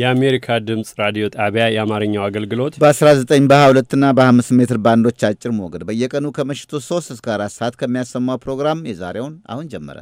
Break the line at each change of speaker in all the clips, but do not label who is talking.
የአሜሪካ ድምፅ ራዲዮ ጣቢያ የአማርኛው አገልግሎት
በ19 በ22ና በ25 ሜትር ባንዶች አጭር ሞገድ በየቀኑ ከምሽቱ 3 እስከ
4 ሰዓት ከሚያሰማው ፕሮግራም የዛሬውን አሁን
ጀመረ።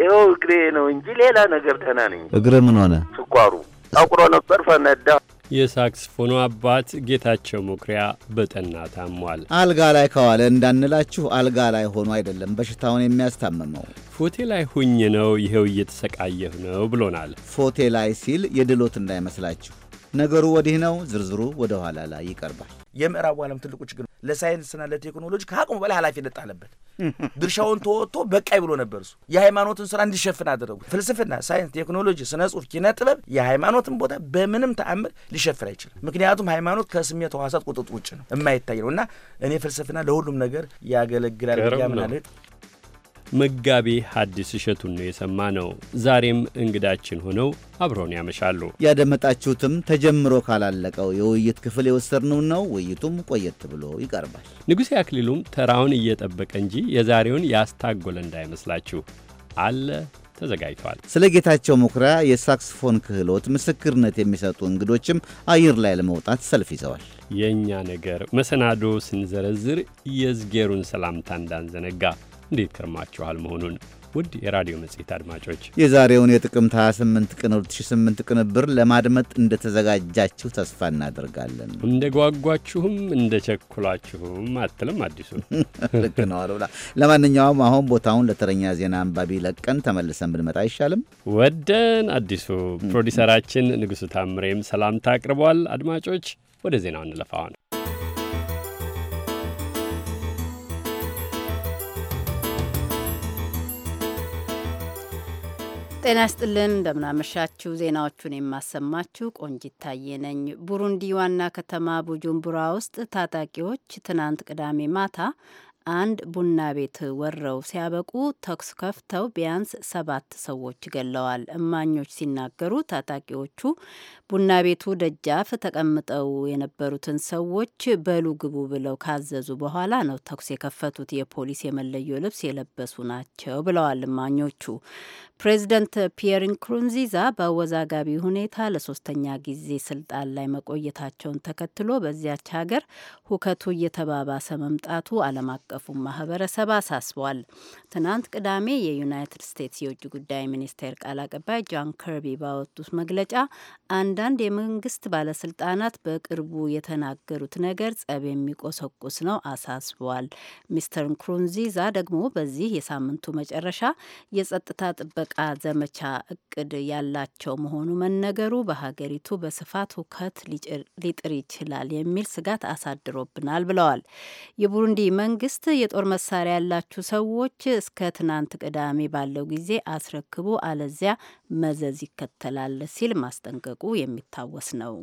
ይኸው እግሬ ነው እንጂ ሌላ ነገር ተናነኝ።
እግር ምን ሆነ? ስኳሩ ጠቁሮ ነበር፣
ፈነዳ የሳክስፎኑ አባት ጌታቸው መኩሪያ በጠና ታሟል።
አልጋ ላይ ከዋለ እንዳንላችሁ አልጋ ላይ ሆኖ አይደለም በሽታውን የሚያስታምመው
ፎቴ ላይ ሁኝ ነው፣ ይኸው እየተሰቃየሁ ነው ብሎናል። ፎቴ ላይ ሲል የድሎት እንዳይመስላችሁ
ነገሩ ወዲህ ነው። ዝርዝሩ ወደ ኋላ ላይ ይቀርባል።
የምዕራቡ ዓለም ትልቁ ችግር ለሳይንስና ለቴክኖሎጂ ከአቅሙ በላይ ኃላፊነት ጣለበት። ድርሻውን ተወጥቶ በቃይ ብሎ ነበር። እሱ የሃይማኖትን ስራ እንዲሸፍን አደረጉት። ፍልስፍና፣ ሳይንስ፣ ቴክኖሎጂ፣ ስነ ጽሁፍ፣ ኪነ ጥበብ የሃይማኖትን ቦታ በምንም ተአምር ሊሸፍን አይችልም። ምክንያቱም ሃይማኖት ከስሜት ህዋሳት ቁጥጥር ውጭ ነው፣ የማይታይ ነው እና እኔ ፍልስፍና ለሁሉም ነገር ያገለግላል ብያ
መጋቤ ሐዲስ እሸቱን ነው የሰማ ነው። ዛሬም እንግዳችን ሆነው አብረውን ያመሻሉ።
ያደመጣችሁትም ተጀምሮ ካላለቀው የውይይት ክፍል የወሰድነውን ነው። ውይይቱም ቆየት ብሎ ይቀርባል።
ንጉሴ አክሊሉም ተራውን እየጠበቀ እንጂ የዛሬውን ያስታጎለ እንዳይመስላችሁ አለ ተዘጋጅቷል።
ስለ ጌታቸው መኩሪያ የሳክስፎን ክህሎት ምስክርነት የሚሰጡ እንግዶችም አየር ላይ ለመውጣት ሰልፍ ይዘዋል።
የእኛ ነገር መሰናዶ ስንዘረዝር የዝጌሩን ሰላምታ እንዳንዘነጋ እንዴት ከርማችኋል መሆኑን ውድ የራዲዮ መጽሔት አድማጮች
የዛሬውን የጥቅምት 28 ቀን 2008 ቅንብር ለማድመጥ እንደተዘጋጃችሁ ተስፋ እናደርጋለን።
እንደ ጓጓችሁም እንደ ቸኩላችሁም አትልም አዲሱ ልክ ነው
አሉላ። ለማንኛውም አሁን ቦታውን ለተረኛ ዜና አንባቢ ለቀን
ተመልሰን ብንመጣ አይሻልም? ወደን አዲሱ ፕሮዲሰራችን ንጉሥ ታምሬም ሰላምታ አቅርቧል። አድማጮች ወደ ዜናው እንለፋዋል።
ጤና ይስጥልን እንደምናመሻችሁ። ዜናዎቹን የማሰማችሁ ቆንጂት ታዬ ነኝ። ቡሩንዲ ዋና ከተማ ቡጁምቡራ ውስጥ ታጣቂዎች ትናንት ቅዳሜ ማታ አንድ ቡና ቤት ወረው ሲያበቁ ተኩስ ከፍተው ቢያንስ ሰባት ሰዎች ገለዋል። እማኞች ሲናገሩ ታጣቂዎቹ ቡና ቤቱ ደጃፍ ተቀምጠው የነበሩትን ሰዎች በሉ ግቡ ብለው ካዘዙ በኋላ ነው ተኩስ የከፈቱት። የፖሊስ የመለዮ ልብስ የለበሱ ናቸው ብለዋል እማኞቹ። ፕሬዚደንት ፒየር ንኩሩንዚዛ በአወዛጋቢ ሁኔታ ለሶስተኛ ጊዜ ስልጣን ላይ መቆየታቸውን ተከትሎ በዚያች ሀገር ሁከቱ እየተባባሰ መምጣቱ ዓለም አቀፉ ማህበረሰብ አሳስቧል። ትናንት ቅዳሜ የዩናይትድ ስቴትስ የውጭ ጉዳይ ሚኒስቴር ቃል አቀባይ ጃን ከርቢ ባወጡት መግለጫ አንዳንድ የመንግስት ባለስልጣናት በቅርቡ የተናገሩት ነገር ጸብ የሚቆሰቁስ ነው አሳስቧል። ሚስተር ንኩሩንዚዛ ደግሞ በዚህ የሳምንቱ መጨረሻ የጸጥታ ጥበቃ የምርጫ ዘመቻ እቅድ ያላቸው መሆኑ መነገሩ በሀገሪቱ በስፋት ሁከት ሊጥር ይችላል የሚል ስጋት አሳድሮብናል ብለዋል። የቡሩንዲ መንግስት የጦር መሳሪያ ያላችሁ ሰዎች እስከ ትናንት ቅዳሜ ባለው ጊዜ አስረክቡ፣ አለዚያ መዘዝ ይከተላል ሲል ማስጠንቀቁ የሚታወስ ነው።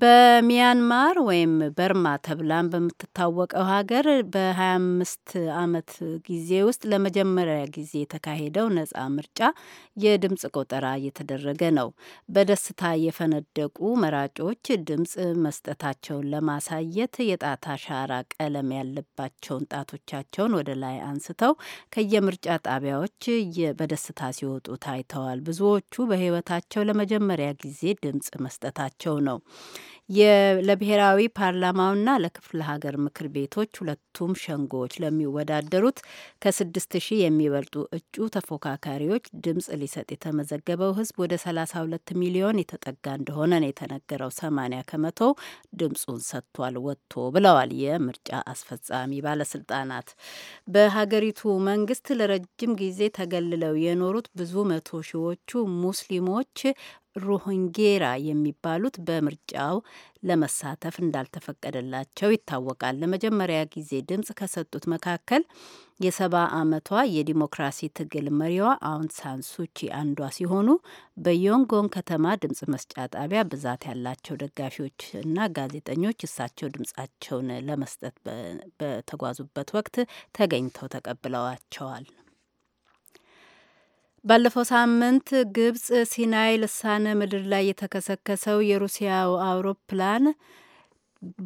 በሚያንማር ወይም በርማ ተብላን በምትታወቀው ሀገር በ25 ዓመት ጊዜ ውስጥ ለመጀመሪያ ጊዜ የተካሄደው ነጻ ምርጫ የድምፅ ቆጠራ እየተደረገ ነው። በደስታ የፈነደቁ መራጮች ድምፅ መስጠታቸውን ለማሳየት የጣት አሻራ ቀለም ያለባቸውን ጣቶቻቸውን ወደ ላይ አንስተው ከየምርጫ ጣቢያዎች በደስታ ሲወጡ ታይተዋል። ብዙዎቹ በሕይወታቸው ለመጀመሪያ ጊዜ ድምፅ መስጠታቸው ነው። ለብሔራዊ ፓርላማውና ለክፍለ ሀገር ምክር ቤቶች ሁለቱም ሸንጎዎች ለሚወዳደሩት ከስድስት ሺህ የሚበልጡ እጩ ተፎካካሪዎች ድምጽ ሊሰጥ የተመዘገበው ህዝብ ወደ 32 ሚሊዮን የተጠጋ እንደሆነ ነው የተነገረው። ሰማኒያ ከመቶ ድምፁን ሰጥቷል ወጥቶ ብለዋል የምርጫ አስፈጻሚ ባለስልጣናት። በሀገሪቱ መንግስት ለረጅም ጊዜ ተገልለው የኖሩት ብዙ መቶ ሺዎቹ ሙስሊሞች ሩሆንጌራ የሚባሉት በምርጫው ለመሳተፍ እንዳልተፈቀደላቸው ይታወቃል። ለመጀመሪያ ጊዜ ድምፅ ከሰጡት መካከል የሰባ ዓመቷ የዲሞክራሲ ትግል መሪዋ አውንግ ሳን ሱቺ አንዷ ሲሆኑ በዮንጎን ከተማ ድምፅ መስጫ ጣቢያ ብዛት ያላቸው ደጋፊዎች እና ጋዜጠኞች እሳቸው ድምፃቸውን ለመስጠት በተጓዙበት ወቅት ተገኝተው ተቀብለዋቸዋል። ባለፈው ሳምንት ግብጽ ሲናይ ልሳነ ምድር ላይ የተከሰከሰው የሩሲያው አውሮፕላን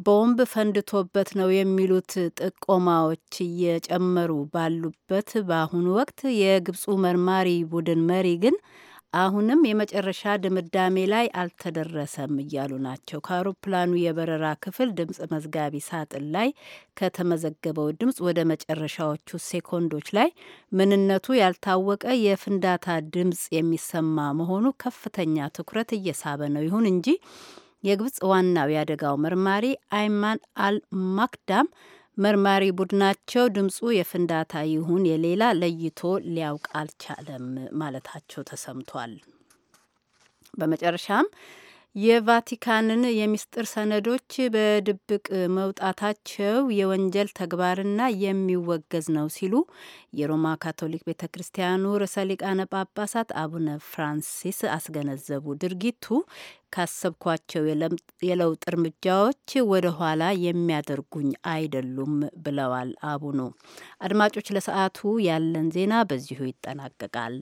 ቦምብ ፈንድቶበት ነው የሚሉት ጥቆማዎች እየጨመሩ ባሉበት በአሁኑ ወቅት የግብፁ መርማሪ ቡድን መሪ ግን አሁንም የመጨረሻ ድምዳሜ ላይ አልተደረሰም እያሉ ናቸው። ከአውሮፕላኑ የበረራ ክፍል ድምፅ መዝጋቢ ሳጥን ላይ ከተመዘገበው ድምፅ ወደ መጨረሻዎቹ ሴኮንዶች ላይ ምንነቱ ያልታወቀ የፍንዳታ ድምፅ የሚሰማ መሆኑ ከፍተኛ ትኩረት እየሳበ ነው። ይሁን እንጂ የግብፅ ዋናው የአደጋው መርማሪ አይማን አል ማክዳም መርማሪ ቡድናቸው ድምፁ የፍንዳታ ይሁን የሌላ ለይቶ ሊያውቅ አልቻለም ማለታቸው ተሰምቷል። በመጨረሻም የቫቲካንን የሚስጥር ሰነዶች በድብቅ መውጣታቸው የወንጀል ተግባርና የሚወገዝ ነው ሲሉ የሮማ ካቶሊክ ቤተ ክርስቲያኑ ርዕሰ ሊቃነ ጳጳሳት አቡነ ፍራንሲስ አስገነዘቡ። ድርጊቱ ካሰብኳቸው የለውጥ እርምጃዎች ወደ ኋላ የሚያደርጉኝ አይደሉም ብለዋል አቡኑ። አድማጮች፣ ለሰዓቱ ያለን ዜና በዚሁ ይጠናቀቃል።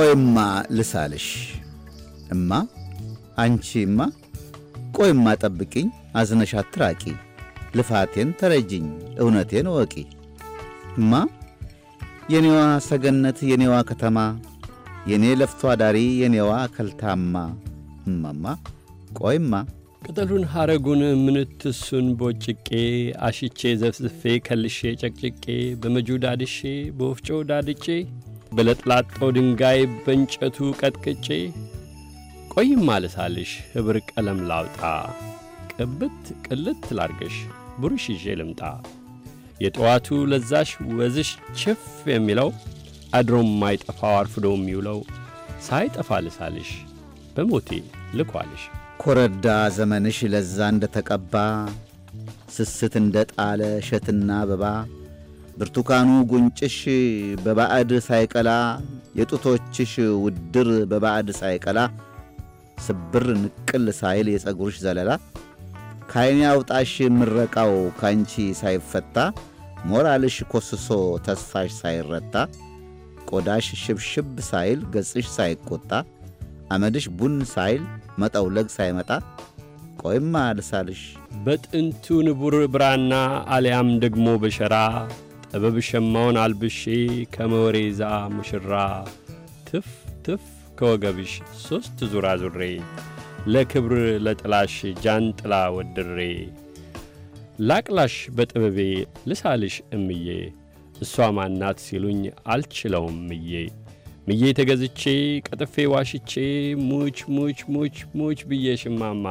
ቆይማ ልሳልሽ እማ አንቺማ ቆይማ ጠብቂኝ አዝነሽ አትራቂ ልፋቴን ተረጅኝ እውነቴን እወቂ እማ የኔዋ ሰገነት የኔዋ ከተማ የኔ ለፍቶ አዳሪ የኔዋ ከልታማ እማማ ቆይማ
ቅጠሉን ሐረጉን ምንትሱን ቦጭቄ አሽቼ ዘፍዝፌ ከልሼ ጨቅጭቄ በመጁ ዳድሼ በወፍጮ ዳድጬ በለጥላጣው ድንጋይ በእንጨቱ ቀጥቅጬ ቆይም አልሳልሽ ኅብር ቀለም ላውጣ ቅብት ቅልት ላርገሽ ብሩሽ ይዤ ልምጣ የጠዋቱ ለዛሽ ወዝሽ ችፍ የሚለው አድሮም ማይጠፋው አርፍዶ የሚውለው ሳይጠፋ ልሳልሽ በሞቴ ልኳልሽ
ኮረዳ ዘመንሽ ለዛ እንደ ተቀባ ስስት እንደ ጣለ እሸትና አበባ ብርቱካኑ ጉንጭሽ በባዕድ ሳይቀላ የጡቶችሽ ውድር በባዕድ ሳይቀላ ስብር ንቅል ሳይል የጸጉርሽ ዘለላ ካይኔ አውጣሽ ምረቃው ካንቺ ሳይፈታ ሞራልሽ ኮስሶ ተስፋሽ ሳይረታ ቆዳሽ ሽብሽብ ሳይል ገጽሽ ሳይቆጣ አመድሽ ቡን ሳይል መጠውለግ ሳይመጣ
ቆይማ ልሳልሽ በጥንቱ ንቡር ብራና አሊያም ደግሞ በሸራ ጥበብ ሸማውን አልብሼ ከመወሬ ዛ ሙሽራ ትፍ ትፍ ከወገብሽ ሦስት ዙራ ዙሬ ለክብር ለጥላሽ ጃንጥላ ወድሬ ላቅላሽ በጥበቤ ልሳልሽ እምዬ እሷ ማናት ሲሉኝ አልችለውም ምዬ ምዬ ተገዝቼ ቀጥፌ ዋሽቼ ሙች ሙች ሙች ሙች ብዬ ሽማማ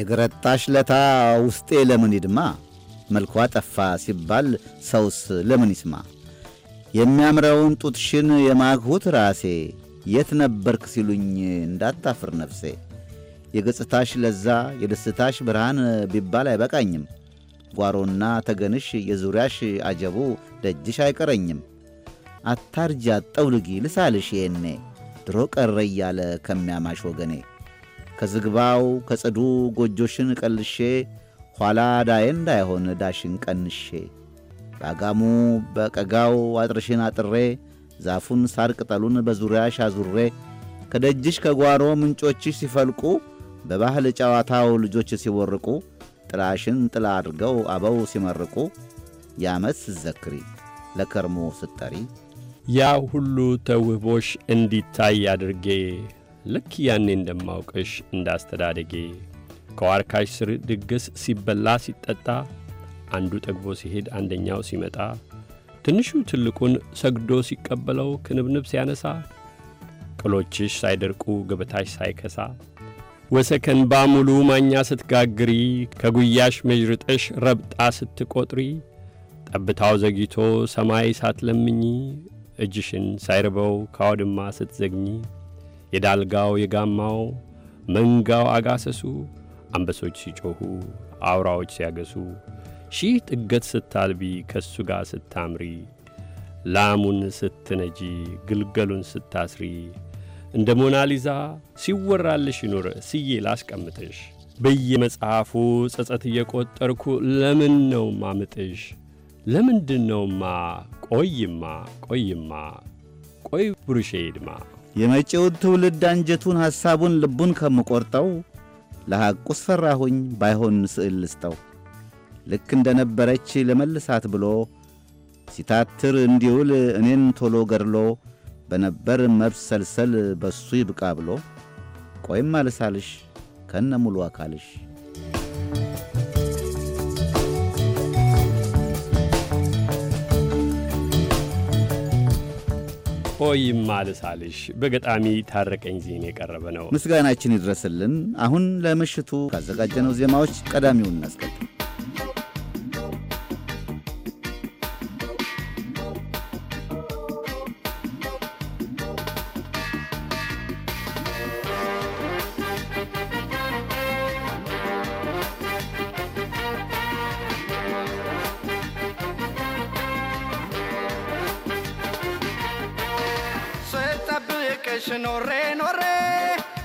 የገረጣሽ ለታ ውስጤ ለምን ይድማ መልኳ ጠፋ ሲባል ሰውስ ለምን ይስማ? የሚያምረውን ጡትሽን የማግሁት ራሴ የት ነበርክ ሲሉኝ እንዳታፍር ነፍሴ። የገጽታሽ ለዛ የደስታሽ ብርሃን ቢባል አይበቃኝም። ጓሮና ተገንሽ የዙሪያሽ አጀቡ ደጅሽ አይቀረኝም። አታርጃ ጠውልጊ ልሳልሽ የኔ ድሮ ቀረ እያለ ከሚያማሽ ወገኔ ከዝግባው ከጽዱ ጎጆሽን ቀልሼ ኋላ ዳዬ እንዳይሆን ዳሽን ቀንሼ በአጋሙ በቀጋው አጥርሽን አጥሬ ዛፉን ሳር ቅጠሉን በዙሪያሽ አዙሬ ከደጅሽ ከጓሮ ምንጮችሽ ሲፈልቁ በባህል ጨዋታው ልጆች ሲወርቁ ጥላሽን ጥላ አድርገው አበው ሲመርቁ የዓመት ስትዘክሪ ለከርሞ ስትጠሪ
ያ ሁሉ ተውቦሽ እንዲታይ አድርጌ ልክ ያኔ እንደማውቅሽ እንዳስተዳደጌ ከዋርካሽ ስር ድግስ ሲበላ ሲጠጣ፣ አንዱ ጠግቦ ሲሄድ አንደኛው ሲመጣ፣ ትንሹ ትልቁን ሰግዶ ሲቀበለው ክንብንብ ሲያነሳ፣ ቅሎችሽ ሳይደርቁ ገበታሽ ሳይከሳ፣ ወሰከንባ ሙሉ ማኛ ስትጋግሪ፣ ከጉያሽ መዥርጠሽ ረብጣ ስትቆጥሪ፣ ጠብታው ዘግይቶ ሰማይ ሳትለምኚ፣ እጅሽን ሳይርበው ካውድማ ስትዘግኚ፣ የዳልጋው የጋማው መንጋው አጋሰሱ አንበሶች ሲጮኹ፣ አውራዎች ሲያገሱ፣ ሺህ ጥገት ስታልቢ ከእሱ ጋር ስታምሪ፣ ላሙን ስትነጂ፣ ግልገሉን ስታስሪ፣ እንደ ሞናሊዛ ሲወራልሽ ይኑር ስዬ ላስቀምጥሽ በየመጽሐፉ ጸጸት እየቈጠርኩ ለምን ነው ማምጥሽ? ለምንድን ነውማ ቆይማ ቆይማ ቆይ ብሩሼ ይድማ
የመጪውን ትውልድ አንጀቱን ሐሳቡን ልቡን ከምቈርጠው ለሐቁ ስፈራሁኝ ባይሆን ስዕል ልስጠው ልክ እንደ ነበረች ለመልሳት ብሎ ሲታትር እንዲውል እኔን ቶሎ ገድሎ በነበር መብሰልሰል በሱ ይብቃ ብሎ ቆይም አልሳልሽ ከነ ሙሉ አካልሽ
ሆይ አልሳልሽ በገጣሚ ታረቀኝ ዜን የቀረበ ነው።
ምስጋናችን ይድረስልን። አሁን ለምሽቱ ካዘጋጀነው ዜማዎች ቀዳሚውን እናስቀድም።
ስናፍቅሽ ኖሬ ኖሬ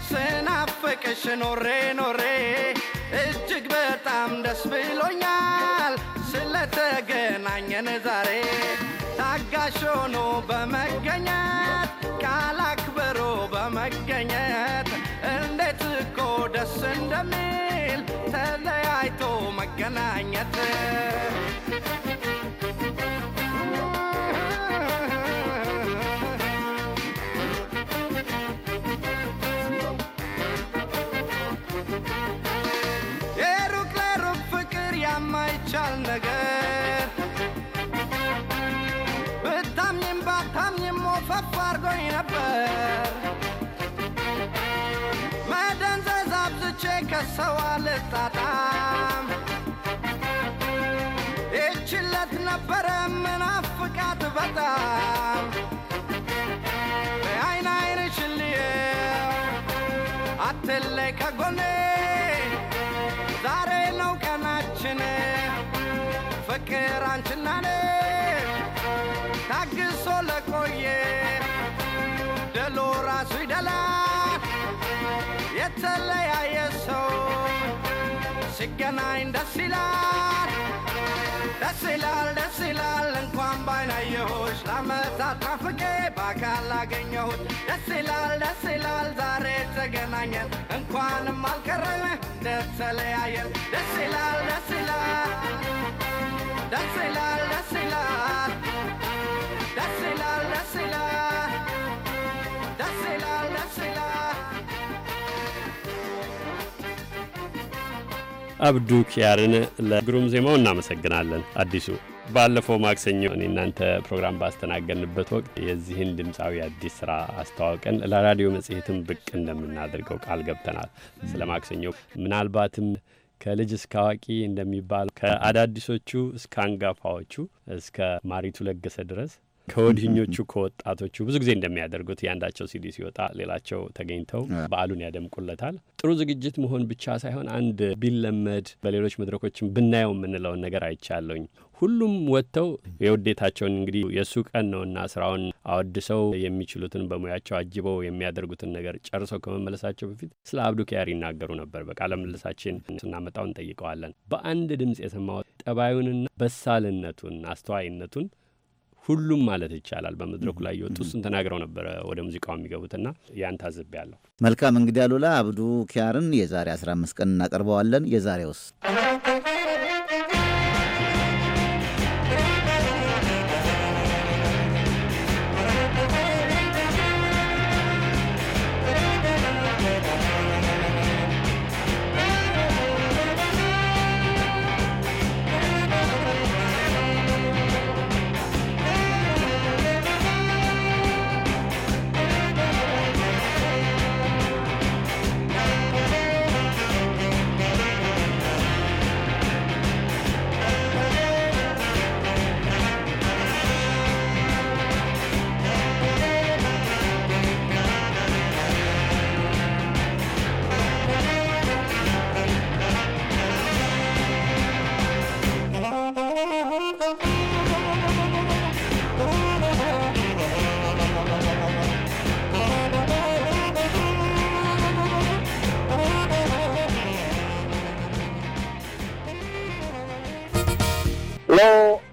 ስናፍቅሽ ኖሬ ኖሬ እጅግ በጣም ደስ ብሎኛል ስለተገናኘን ዛሬ ታጋሽ ሆኖ በመገኘት ቃል አክብሮ በመገኘት እንዴት እኮ ደስ እንደሚል ተለያይቶ መገናኘት ለቆየ ደሎ ራሱ ይደላል የተለያየ ሰው ሲገናኝ ደስ ይላል ደስ ይላል ደስ ይላል እንኳን ባይናየሁሽ ለአመታት ናፍቄ በአካል አገኘሁት ደስ ይላል ደስ ይላል ዛሬ ተገናኘን እንኳንም አልቀረን እንደተለያየን ደስ ይላል ደስ ይላል ደስ ይላል ደስ ይላል dásela, dásela,
dásela, dásela.
አብዱ ኪያርን ለግሩም ዜማው እናመሰግናለን። አዲሱ ባለፈው ማክሰኞ እኔ እናንተ ፕሮግራም ባስተናገድንበት ወቅት የዚህን ድምፃዊ አዲስ ስራ አስተዋውቀን ለራዲዮ መጽሔትም ብቅ እንደምናደርገው ቃል ገብተናል። ስለ ማክሰኞ ምናልባትም ከልጅ እስከ አዋቂ እንደሚባል ከአዳዲሶቹ እስከ አንጋፋዎቹ እስከ ማሪቱ ለገሰ ድረስ ከወዲህኞቹ ከወጣቶቹ ብዙ ጊዜ እንደሚያደርጉት ያንዳቸው ሲዲ ሲወጣ ሌላቸው ተገኝተው በዓሉን ያደምቁለታል። ጥሩ ዝግጅት መሆን ብቻ ሳይሆን አንድ ቢለመድ በሌሎች መድረኮችም ብናየው የምንለውን ነገር አይቻለሁኝ። ሁሉም ወጥተው የውዴታቸውን እንግዲህ የእሱ ቀን ነውና ስራውን አወድሰው የሚችሉትን በሙያቸው አጅበው የሚያደርጉትን ነገር ጨርሰው ከመመለሳቸው በፊት ስለ ኪያር ይናገሩ ነበር። በቃለ ምልልሳችን ስናመጣው እንጠይቀዋለን። በአንድ ድምፅ የሰማው ጠባዩንና በሳልነቱን አስተዋይነቱን ሁሉም ማለት ይቻላል በመድረኩ ላይ የወጡ እሱን ተናግረው ነበረ ወደ ሙዚቃው የሚገቡትና ያን ታዘብ ያለው
መልካም እንግዲህ አሉላ አብዱ ኪያርን የዛሬ 15 ቀን እናቀርበዋለን። የዛሬውስ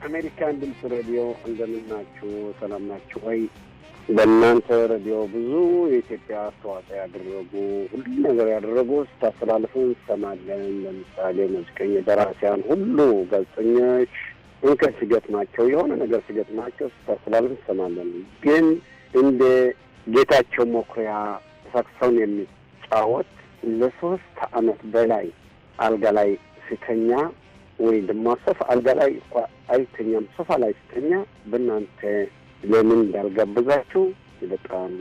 የአሜሪካን ድምፅ ሬዲዮ እንደምናችሁ፣ ሰላም ናችሁ ወይ? በእናንተ ሬዲዮ ብዙ የኢትዮጵያ አስተዋጽኦ ያደረጉ ሁሉ ነገር ያደረጉ ስታስተላልፉን እንሰማለን። ለምሳሌ ሙዚቀኛ፣ ደራሲያን ሁሉ ጋዜጠኞች እንከን ሲገጥማቸው የሆነ ነገር ሲገጥማቸው ስታስተላልፍ እንሰማለን። ግን እንደ ጌታቸው መኩሪያ ሳክሶን የሚጫወት ለሶስት አመት በላይ አልጋ ላይ ፊተኛ ወይ እንደማሰፍ አልጋ ላይ እኳ አይተኛም፣ ሶፋ ላይ ስተኛ በእናንተ ለምን እንዳልጋብዛችሁ በጣም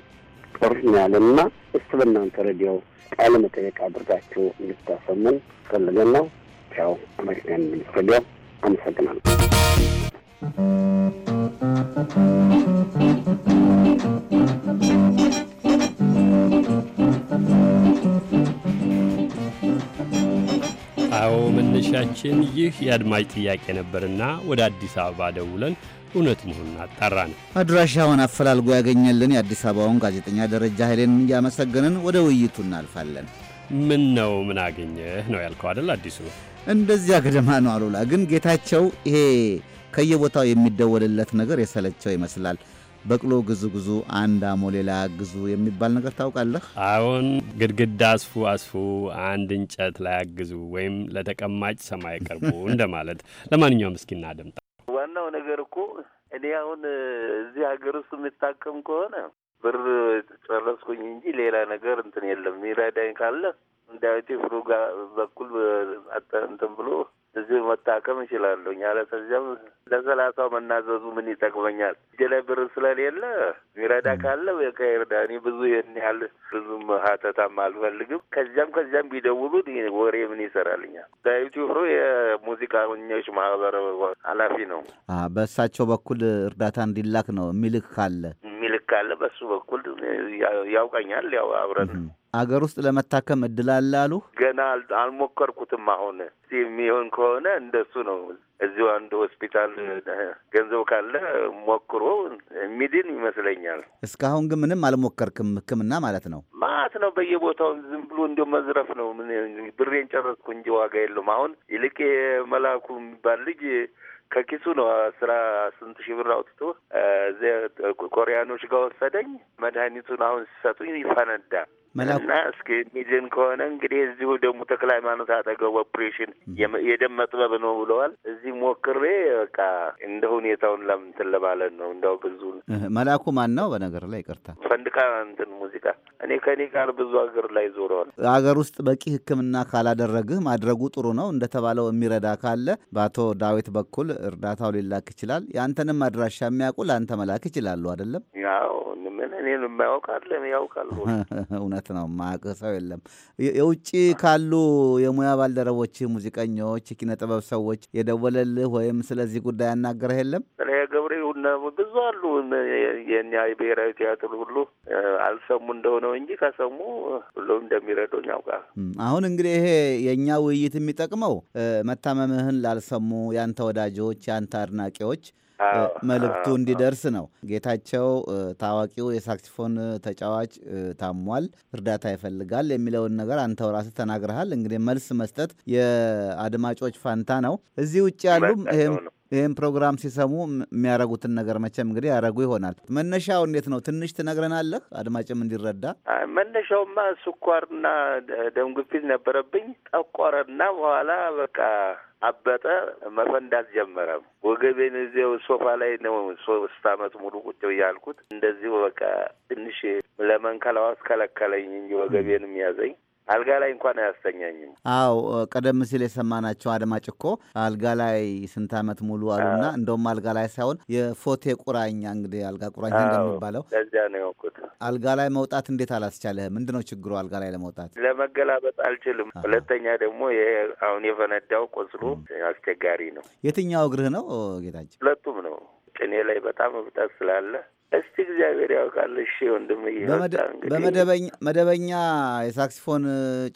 ጦር ያለና እስቲ በእናንተ ሬዲዮ ቃለ መጠየቅ አድርጋችሁ እንድታሰሙን ፈልገን ነው። ቻው አሜሪካን ሚኒስ ሬዲዮ አመሰግናለሁ። Thank
you. አዎ መነሻችን ይህ የአድማጭ ጥያቄ ነበርና ወደ አዲስ አበባ ደውለን እውነት መሆኑን አጣራን።
አድራሻውን አፈላልጎ ያገኘልን የአዲስ አበባውን ጋዜጠኛ ደረጃ ኃይሌን እያመሰገንን ወደ ውይይቱ እናልፋለን።
ምን ነው ምን አገኘህ ነው ያልከው አደል? አዲሱ
እንደዚያ ገደማ ነው አሉላ። ግን ጌታቸው ይሄ ከየቦታው የሚደወልለት ነገር የሰለቸው ይመስላል። በቅሎ ግዙ ግዙ አንድ ሌላ አግዙ የሚባል ነገር ታውቃለህ?
አዎን፣ ግድግዳ አስፉ አስፉ አንድ እንጨት ላይ አግዙ ወይም ለተቀማጭ ሰማይ ቀርቡ እንደማለት። ለማንኛውም እስኪ እናድምጣ።
ዋናው ነገር
እኮ እኔ አሁን እዚህ ሀገር ውስጥ የምታከም ከሆነ ብር ጨረስኩኝ እንጂ ሌላ ነገር እንትን የለም። ሚረዳኝ ካለ እንዳዊቴ ፍሩጋ በኩል እንትን ብሎ እዚህ መታከም እችላለሁ። አለበለዚያም ለሰላሳው መናዘዙ ምን ይጠቅመኛል? እጄ ላይ ብር ስለሌለ ሚረዳ ካለ በቃ ይርዳኒ። ብዙ ይህን ያህል ብዙም ሀተታም አልፈልግም። ከዚያም ከዚያም ቢደውሉ ወሬ ምን ይሰራልኛል? በኢትዮጵያ የሙዚቃኞች ማህበር ኃላፊ ነው።
በእሳቸው በኩል እርዳታ እንዲላክ ነው የሚልክ ካለ
ካለ በሱ በኩል ያውቀኛል። ያው አብረን
አገር ውስጥ ለመታከም እድል አለ አሉ።
ገና አልሞከርኩትም። አሁን የሚሆን ከሆነ እንደሱ ነው። እዚሁ አንድ ሆስፒታል ገንዘብ ካለ ሞክሮ የሚድን ይመስለኛል።
እስካሁን ግን ምንም አልሞከርክም? ሕክምና ማለት ነው
ማለት ነው። በየቦታው ዝም ብሎ እንዲ መዝረፍ ነው። ብሬን ጨረስኩ እንጂ ዋጋ የለውም። አሁን ይልቅ መላኩ የሚባል ልጅ ከኪሱ ነው አስራ ስንት ሺህ ብር አውጥቶ እዚያ ኮሪያኖች ጋር ወሰደኝ። መድኃኒቱን አሁን ሲሰጡኝ ይፈነዳል። እና እስኪ ሚድን ከሆነ እንግዲህ እዚሁ ደግሞ ተክለ ሃይማኖት አጠገቡ ኦፕሬሽን የደም መጥበብ ነው ብለዋል። እዚህ ሞክሬ በቃ እንደ ሁኔታውን ለምንትን ለማለት ነው። እንዳው ብዙ
መላኩ ማን ነው በነገር ላይ ይቅርታ፣
ፈንድካ እንትን ሙዚቃ እኔ ከኔ ጋር ብዙ ሀገር ላይ ዞረዋል።
ሀገር ውስጥ በቂ ሕክምና ካላደረግህ ማድረጉ ጥሩ ነው። እንደተባለው የሚረዳ ካለ በአቶ ዳዊት በኩል እርዳታው ሊላክ ይችላል። የአንተንም አድራሻ የሚያውቁ ለአንተ መላክ ይችላሉ። አይደለም
ያው ምን እኔን የማያውቃለም
ያውቃሉ። እውነት ነው። ማያውቅ ሰው የለም። የውጭ ካሉ የሙያ ባልደረቦች፣ ሙዚቀኞች፣ የኪነ ጥበብ ሰዎች የደወለልህ ወይም ስለዚህ ጉዳይ ያናገረህ የለም?
እኔ ገብሬው ብዙ አሉ። የኛ የብሔራዊ ቲያትር ሁሉ አልሰሙ እንደሆነው እንጂ ከሰሙ ሁሉም እንደሚረዱኝ ያውቃል።
አሁን እንግዲህ ይሄ የእኛ ውይይት የሚጠቅመው መታመምህን ላልሰሙ ያንተ ወዳጆች፣ ያንተ አድናቂዎች መልእክቱ እንዲደርስ ነው። ጌታቸው ታዋቂው የሳክሲፎን ተጫዋች ታሟል፣ እርዳታ ይፈልጋል የሚለውን ነገር አንተው ራስህ ተናግረሃል። እንግዲህ መልስ መስጠት የአድማጮች ፋንታ ነው። እዚህ ውጭ ያሉም ይህም ይህን ፕሮግራም ሲሰሙ የሚያረጉትን ነገር መቼም እንግዲህ ያረጉ ይሆናል። መነሻው እንዴት ነው? ትንሽ ትነግረናለህ አድማጭም እንዲረዳ።
መነሻውማ ስኳርና ደም ግፊት ነበረብኝ። ጠቆረና በኋላ በቃ አበጠ። መፈንዳት ጀመረ። ወገቤን እዚያው ሶፋ ላይ ነው ሶስት አመት ሙሉ ቁጭ ብያልኩት። እንደዚህ በቃ ትንሽ ለመንከላዋስ ከለከለኝ እንጂ ወገቤን የሚያዘኝ አልጋ ላይ እንኳን አያስተኛኝም።
አው ቀደም ሲል የሰማናቸው አድማጭ እኮ አልጋ ላይ ስንት ዓመት ሙሉ አሉና እንደውም አልጋ ላይ ሳይሆን የፎቴ ቁራኛ እንግዲህ አልጋ ቁራኛ እንደሚባለው
ለዚያ ነው የወቁት።
አልጋ ላይ መውጣት እንዴት አላስቻለህ? ምንድን ነው ችግሩ? አልጋ ላይ ለመውጣት
ለመገላበጥ አልችልም። ሁለተኛ ደግሞ ይሄ አሁን የፈነዳው ቆስሎ አስቸጋሪ ነው።
የትኛው እግርህ ነው ጌታችን?
ሁለቱም ነው። ጭኔ ላይ በጣም እብጠት ስላለ እስቲ እግዚአብሔር ያውቃል። እሺ ወንድም
በመደበኛ የሳክሲፎን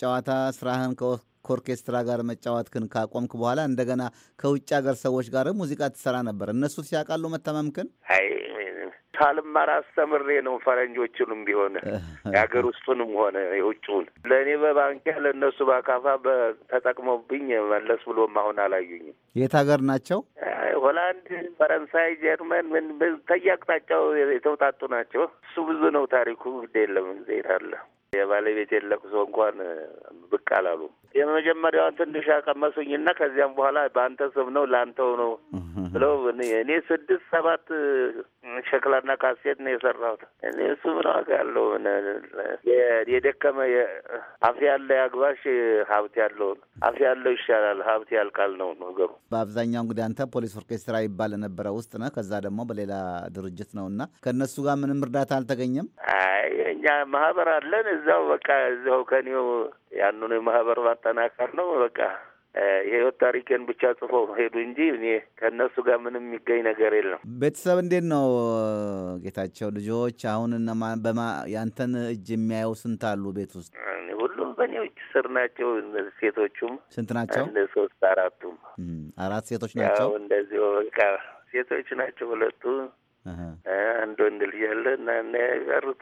ጨዋታ ስራህን ከኦርኬስትራ ጋር መጫወትክን ካቆምክ በኋላ እንደገና ከውጭ ሀገር ሰዎች ጋር ሙዚቃ ትሰራ ነበር። እነሱ ሲያውቃሉ መተማምክን?
አይ ሳልማር አስተምሬ ነው ፈረንጆቹንም ቢሆን የሀገር ውስጡንም ሆነ የውጭውን ለእኔ በባንኪያ ለእነሱ በአካፋ ተጠቅመውብኝ መለስ ብሎም አሁን አላዩኝም።
የት ሀገር ናቸው?
ሆላንድ፣ ፈረንሳይ፣ ጀርመን ምን ተያቅጣጫው የተውጣጡ ናቸው። እሱ ብዙ ነው ታሪኩ። ግድ የለም አለ የባለቤቴን ለቅሶ እንኳን ብቅ አላሉም። የመጀመሪያዋን ትንሽ ያቀመሱኝና ከዚያም በኋላ በአንተ ስም ነው ለአንተው ነው ብለው እኔ ስድስት ሰባት ሸክላና ካሴት ነው የሰራሁት። እኔ እሱ ምን ዋጋ ያለው የደከመ አፍ ያለ አግባሽ ሀብት ያለውን አፍ ያለው ይሻላል ሀብት ያልቃል ነው ነገሩ።
በአብዛኛው እንግዲህ አንተ ፖሊስ ኦርኬስትራ ይባል ነበረ ውስጥ ነህ፣ ከዛ ደግሞ በሌላ ድርጅት ነው እና ከእነሱ ጋር ምንም እርዳታ አልተገኘም።
አይ እኛ ማህበር አለን እዛው በቃ እዛው ከኔው ያንኑ የማህበር ማጠናከር ነው በቃ የህይወት ታሪኬን ብቻ ጽፎ ሄዱ እንጂ እኔ ከእነሱ ጋር ምንም የሚገኝ ነገር የለም።
ቤተሰብ እንዴት ነው ጌታቸው? ልጆች አሁን በማ ያንተን እጅ የሚያየው ስንት አሉ ቤት ውስጥ?
ሁሉም በእኔ እጅ ስር ናቸው። ሴቶቹም ስንት ናቸው? እንደ ሶስት አራቱም
አራት ሴቶች ናቸው።
እንደዚሁ በቃ ሴቶች ናቸው ሁለቱ አንዱ ወንድ ልጅ ያለ እና ያቀሩት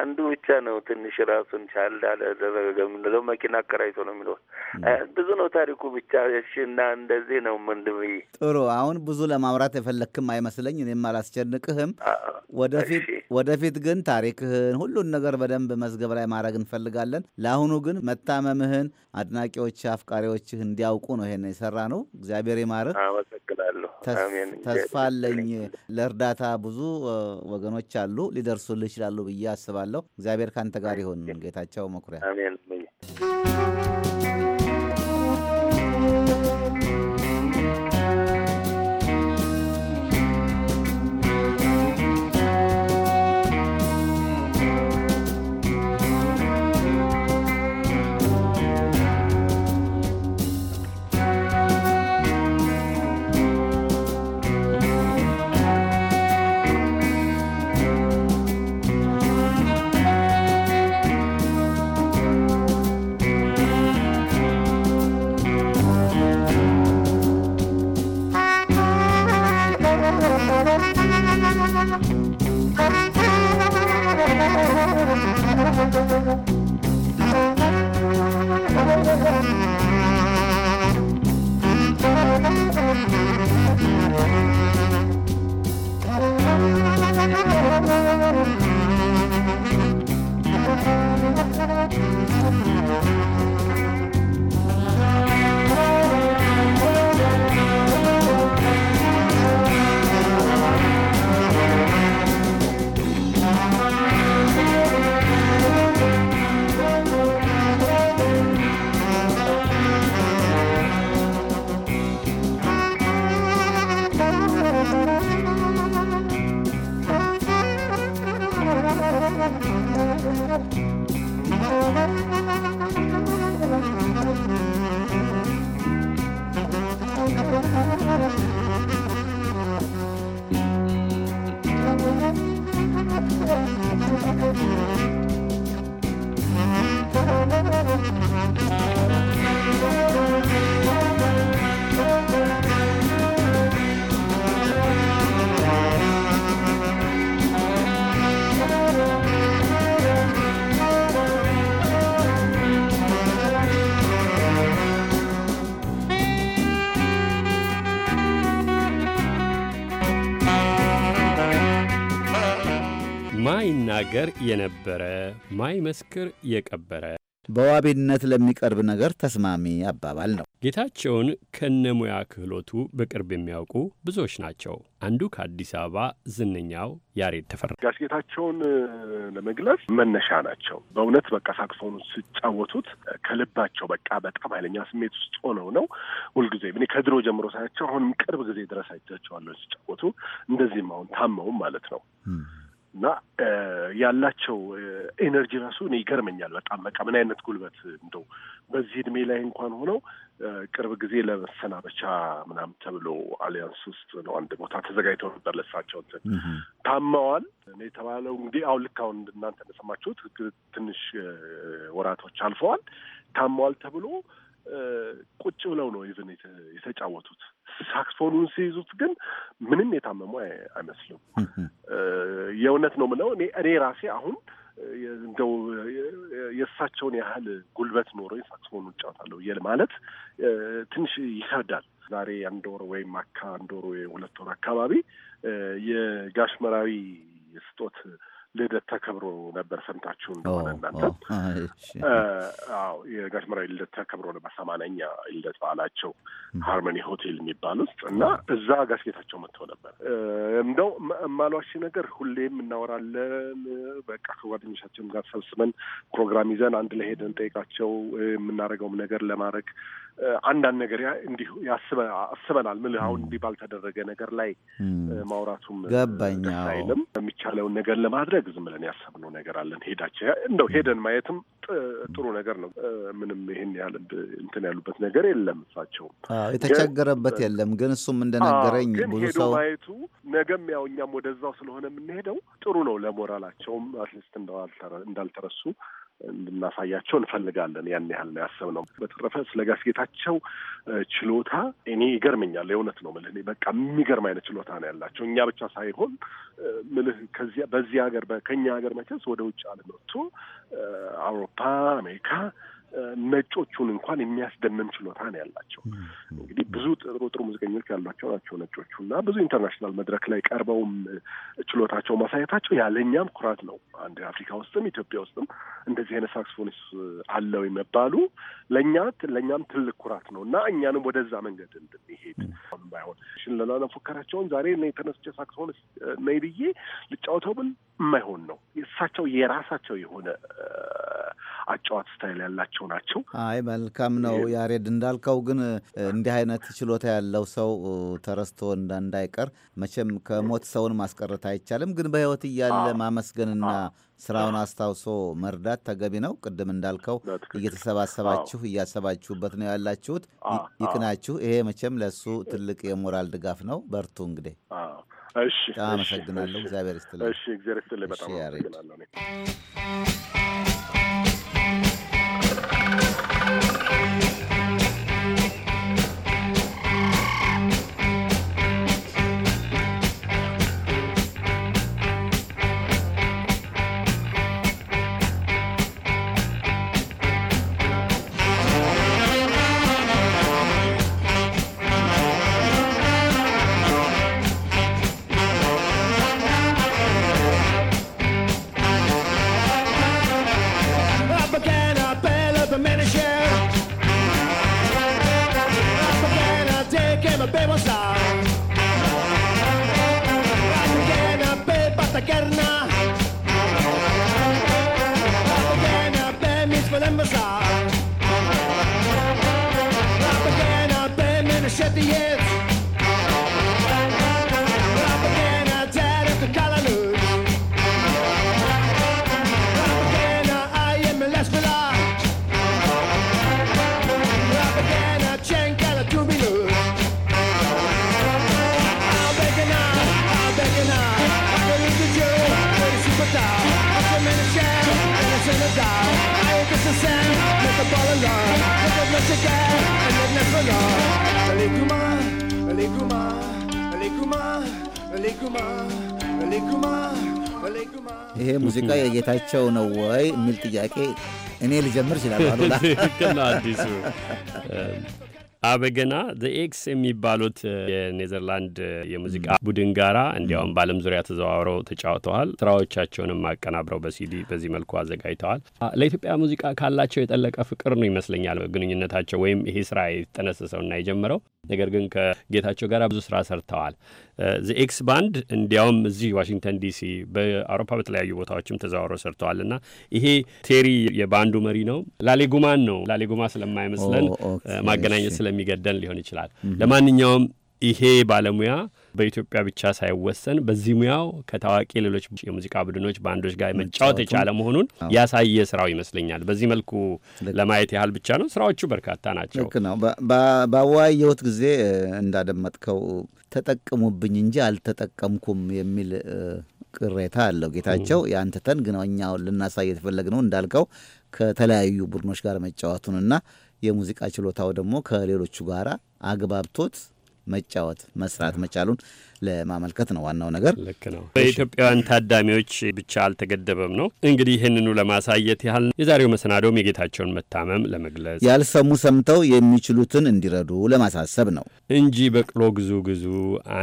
አንዱ ብቻ ነው ትንሽ ራሱን ቻል ደረገ የምንለው መኪና አከራይቶ ነው የሚለው ብዙ ነው ታሪኩ ብቻ። እሺ እና እንደዚህ ነው ምንድም
ጥሩ። አሁን ብዙ ለማምራት የፈለክም አይመስለኝ፣ እኔም አላስጨንቅህም። ወደፊት ወደፊት ግን ታሪክህን ሁሉን ነገር በደንብ መዝገብ ላይ ማድረግ እንፈልጋለን። ለአሁኑ ግን መታመምህን አድናቂዎች፣ አፍቃሪዎችህ እንዲያውቁ ነው ይሄን የሰራ ነው። እግዚአብሔር ይማርህ።
ተስፋ አለኝ
ለእርዳታ ብዙ ወገኖች አሉ፣ ሊደርሱልህ ይችላሉ ብዬ አስባለሁ። እግዚአብሔር ካንተ ጋር ይሆን። ጌታቸው መኩሪያ
Thank
ማይናገር የነበረ ማይመስክር የቀበረ
በዋቢነት ለሚቀርብ ነገር ተስማሚ አባባል ነው።
ጌታቸውን ከነሙያ ክህሎቱ በቅርብ የሚያውቁ ብዙዎች ናቸው። አንዱ ከአዲስ አበባ ዝነኛው ያሬድ ተፈራ
ጋሽ ጌታቸውን ለመግለጽ መነሻ ናቸው። በእውነት በቃ ሳክሶኑ ሲጫወቱት ከልባቸው በቃ በጣም ኃይለኛ ስሜት ውስጥ ሆነው ነው ሁልጊዜ እኔ ከድሮ ጀምሮ ሳያቸው አሁንም ቅርብ ጊዜ ድረስ አይቻቸዋለሁ ሲጫወቱ እንደዚህም አሁን ታመውም ማለት ነው እና ያላቸው ኤነርጂ ራሱ እኔ ይገርመኛል። በጣም በቃ ምን አይነት ጉልበት እንደው በዚህ እድሜ ላይ እንኳን ሆነው ቅርብ ጊዜ ለመሰናበቻ ምናምን ተብሎ አሊያንስ ውስጥ ነው አንድ ቦታ ተዘጋጅቶ ነበር። ለሳቸው እንትን ታመዋል የተባለው እንግዲህ አሁን ልክ አሁን እናንተ እንደሰማችሁት ትንሽ ወራቶች አልፈዋል። ታመዋል ተብሎ ቁጭ ብለው ነው ኢቨን የተጫወቱት። ሳክስፎኑን ሲይዙት ግን ምንም የታመሙ አይመስልም። የእውነት ነው ምለው እኔ እኔ ራሴ አሁን እንደው የእሳቸውን ያህል ጉልበት ኖሮኝ ሳክስፎኑን እጫወታለሁ ማለት ትንሽ ይከብዳል። ዛሬ አንድ ወር ወይም አካ አንድ ወር ሁለት ወር አካባቢ የጋሽመራዊ ስጦት ልደት ተከብሮ ነበር። ሰምታችሁ እንደሆነ እናንተ አዎ፣ የጋሽ ልደት ተከብሮ ነበር። ሰማንያኛ ልደት በዓላቸው ሃርመኒ ሆቴል የሚባል ውስጥ እና እዛ ጋሽ ጌታቸው መጥተው ነበር። እንደው እማሏሽ ነገር ሁሌም እናወራለን። በቃ ከጓደኞቻችን ጋር ሰብስበን ፕሮግራም ይዘን አንድ ላይ ሄደን ጠይቃቸው የምናደርገውም ነገር ለማድረግ አንዳንድ ነገር እንዲሁ ያስበናል። ምን አሁን እንዲህ ባልተደረገ ነገር ላይ ማውራቱም
ገባኝ አይልም።
የሚቻለውን ነገር ለማድረግ ዝም ብለን ያሰብነው ነገር አለን። ሄዳቸው እንደው ሄደን ማየትም ጥሩ ነገር ነው። ምንም ይህን ያህል እንትን ያሉበት ነገር የለም። እሳቸውም የተቸገረበት የለም።
ግን እሱም እንደነገረኝ ብዙ ሰው
ማየቱ ነገም ያው እኛም ወደዛው ስለሆነ የምንሄደው ጥሩ ነው። ለሞራላቸውም አትሊስት እንዳልተረሱ እንድናሳያቸው እንፈልጋለን። ያን ያህል ነው ያሰብነው። በተረፈ ስለ ጋሽ ችሎታ እኔ ይገርመኛል። የእውነት ነው ምልህ በቃ የሚገርም አይነት ችሎታ ነው ያላቸው። እኛ ብቻ ሳይሆን ምልህ ከዚያ በዚህ ሀገር ከኛ ሀገር መቼስ ወደ ውጭ ዓለም አውሮፓ፣ አሜሪካ ነጮቹን እንኳን የሚያስደምም ችሎታ ነው ያላቸው። እንግዲህ ብዙ ጥሩ ጥሩ ሙዚቀኞች ያሏቸው ናቸው ነጮቹ እና ብዙ ኢንተርናሽናል መድረክ ላይ ቀርበውም ችሎታቸው ማሳየታቸው ያለኛም ኩራት ነው። አንድ አፍሪካ ውስጥም ኢትዮጵያ ውስጥም እንደዚህ አይነት ሳክስፎኒስ አለው የመባሉ ለእኛ ለእኛም ትልቅ ኩራት ነው እና እኛንም ወደዛ መንገድ እንድንሄድ ባይሆን ሽለላ ለፎከራቸውን ዛሬ የተነስቼ ሳክስፎኒስ ነይ ብዬ ልጫወተው ብል የማይሆን ነው። እሳቸው የራሳቸው የሆነ አጫዋት ስታይል ያላቸው ናቸው።
አይ መልካም ነው ያሬድ እንዳልከው ግን እንዲህ አይነት ችሎታ ያለው ሰው ተረስቶ እንዳይቀር መቼም ከሞት ሰውን ማስቀረት አይቻልም። ግን በህይወት እያለ ማመስገንና ስራውን አስታውሶ መርዳት ተገቢ ነው። ቅድም እንዳልከው እየተሰባሰባችሁ እያሰባችሁበት ነው ያላችሁት። ይቅናችሁ። ይሄ መቼም ለእሱ ትልቅ የሞራል ድጋፍ ነው። በርቱ እንግዲህ እሺ፣ አመሰግናለሁ። እግዚአብሔር ይስጥልኝ። እሺ፣ እግዚአብሔር ይስጥልኝ። በጣም አመሰግናለሁ። the ጌታቸው ነው ወይ የሚል ጥያቄ እኔ ልጀምር ይችላል። አዲሱ
አበገና ዘኤክስ የሚባሉት የኔዘርላንድ የሙዚቃ ቡድን ጋራ እንዲያውም በዓለም ዙሪያ ተዘዋውረው ተጫውተዋል። ስራዎቻቸውንም አቀናብረው በሲዲ በዚህ መልኩ አዘጋጅተዋል። ለኢትዮጵያ ሙዚቃ ካላቸው የጠለቀ ፍቅር ነው ይመስለኛል ግንኙነታቸው ወይም ይሄ ስራ የተጠነሰሰውና የጀመረው ነገር ግን ከጌታቸው ጋር ብዙ ስራ ሰርተዋል። ዘኤክስ ባንድ እንዲያውም እዚህ ዋሽንግተን ዲሲ በአውሮፓ በተለያዩ ቦታዎችም ተዘዋውሮ ሰርተዋል እና ይሄ ቴሪ የባንዱ መሪ ነው። ላሌጉማን ነው። ላሌጉማ ስለማይመስለን ማገናኘት ስለሚገደን ሊሆን ይችላል። ለማንኛውም ይሄ ባለሙያ በኢትዮጵያ ብቻ ሳይወሰን በዚህ ሙያው ከታዋቂ ሌሎች የሙዚቃ ቡድኖች ባንዶች ጋር መጫወት የቻለ መሆኑን ያሳየ ስራው ይመስለኛል። በዚህ መልኩ ለማየት ያህል ብቻ ነው። ስራዎቹ በርካታ ናቸው። ልክ ነው።
ባወያየሁት ጊዜ እንዳደመጥከው ተጠቅሙብኝ እንጂ አልተጠቀምኩም የሚል ቅሬታ አለው ጌታቸው። የአንተተን ግን እኛ ልናሳይ ነው እንዳልከው ከተለያዩ ቡድኖች ጋር መጫወቱንና የሙዚቃ ችሎታው ደግሞ ከሌሎቹ ጋር አግባብቶት መጫወት መስራት መቻሉን ለማመልከት ነው ዋናው ነገር። ልክ ነው።
በኢትዮጵያውያን ታዳሚዎች ብቻ አልተገደበም ነው እንግዲህ። ይህንኑ ለማሳየት ያህል የዛሬው መሰናዶም የጌታቸውን መታመም ለመግለጽ ያልሰሙ
ሰምተው የሚችሉትን እንዲረዱ ለማሳሰብ ነው
እንጂ በቅሎ ግዙ ግዙ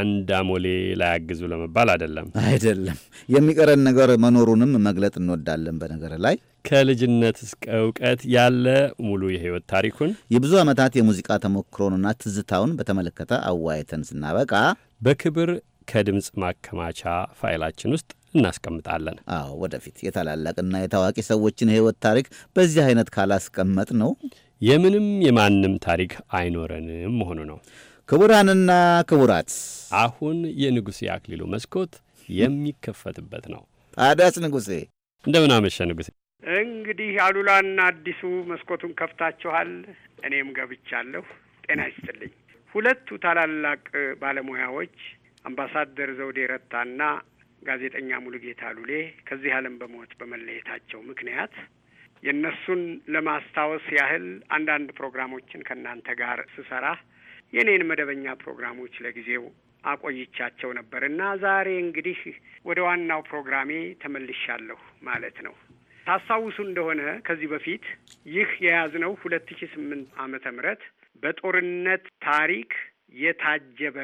አንድ አሞሌ ላያግዙ ለመባል አይደለም። አይደለም
የሚቀረን ነገር መኖሩንም መግለጥ እንወዳለን። በነገር ላይ
ከልጅነት እስከ እውቀት ያለ ሙሉ የህይወት ታሪኩን
የብዙ ዓመታት የሙዚቃ ተሞክሮንና ትዝታውን በተመለከተ አዋይተን ስናበቃ በክብር ከድምፅ ማከማቻ ፋይላችን ውስጥ እናስቀምጣለን። አዎ ወደፊት የታላላቅና የታዋቂ ሰዎችን የህይወት ታሪክ በዚህ አይነት ካላስቀመጥ ነው የምንም የማንም ታሪክ አይኖረንም
መሆኑ ነው። ክቡራንና ክቡራት፣ አሁን የንጉሴ አክሊሉ መስኮት የሚከፈትበት ነው። ታዲያስ ንጉሴ እንደምን አመሸ ንጉሴ?
እንግዲህ አሉላና አዲሱ መስኮቱን ከፍታችኋል። እኔም ገብቻለሁ። ጤና ይስጥልኝ። ሁለቱ ታላላቅ ባለሙያዎች አምባሳደር ዘውዴ ረታና ጋዜጠኛ ሙሉጌታ ሉሌ ከዚህ ዓለም በሞት በመለየታቸው ምክንያት የእነሱን ለማስታወስ ያህል አንዳንድ ፕሮግራሞችን ከእናንተ ጋር ስሰራ የእኔን መደበኛ ፕሮግራሞች ለጊዜው አቆይቻቸው ነበር እና ዛሬ እንግዲህ ወደ ዋናው ፕሮግራሜ ተመልሻለሁ ማለት ነው። ታስታውሱ እንደሆነ ከዚህ በፊት ይህ የያዝነው ሁለት ሺ ስምንት ዓመተ ምህረት በጦርነት ታሪክ የታጀበ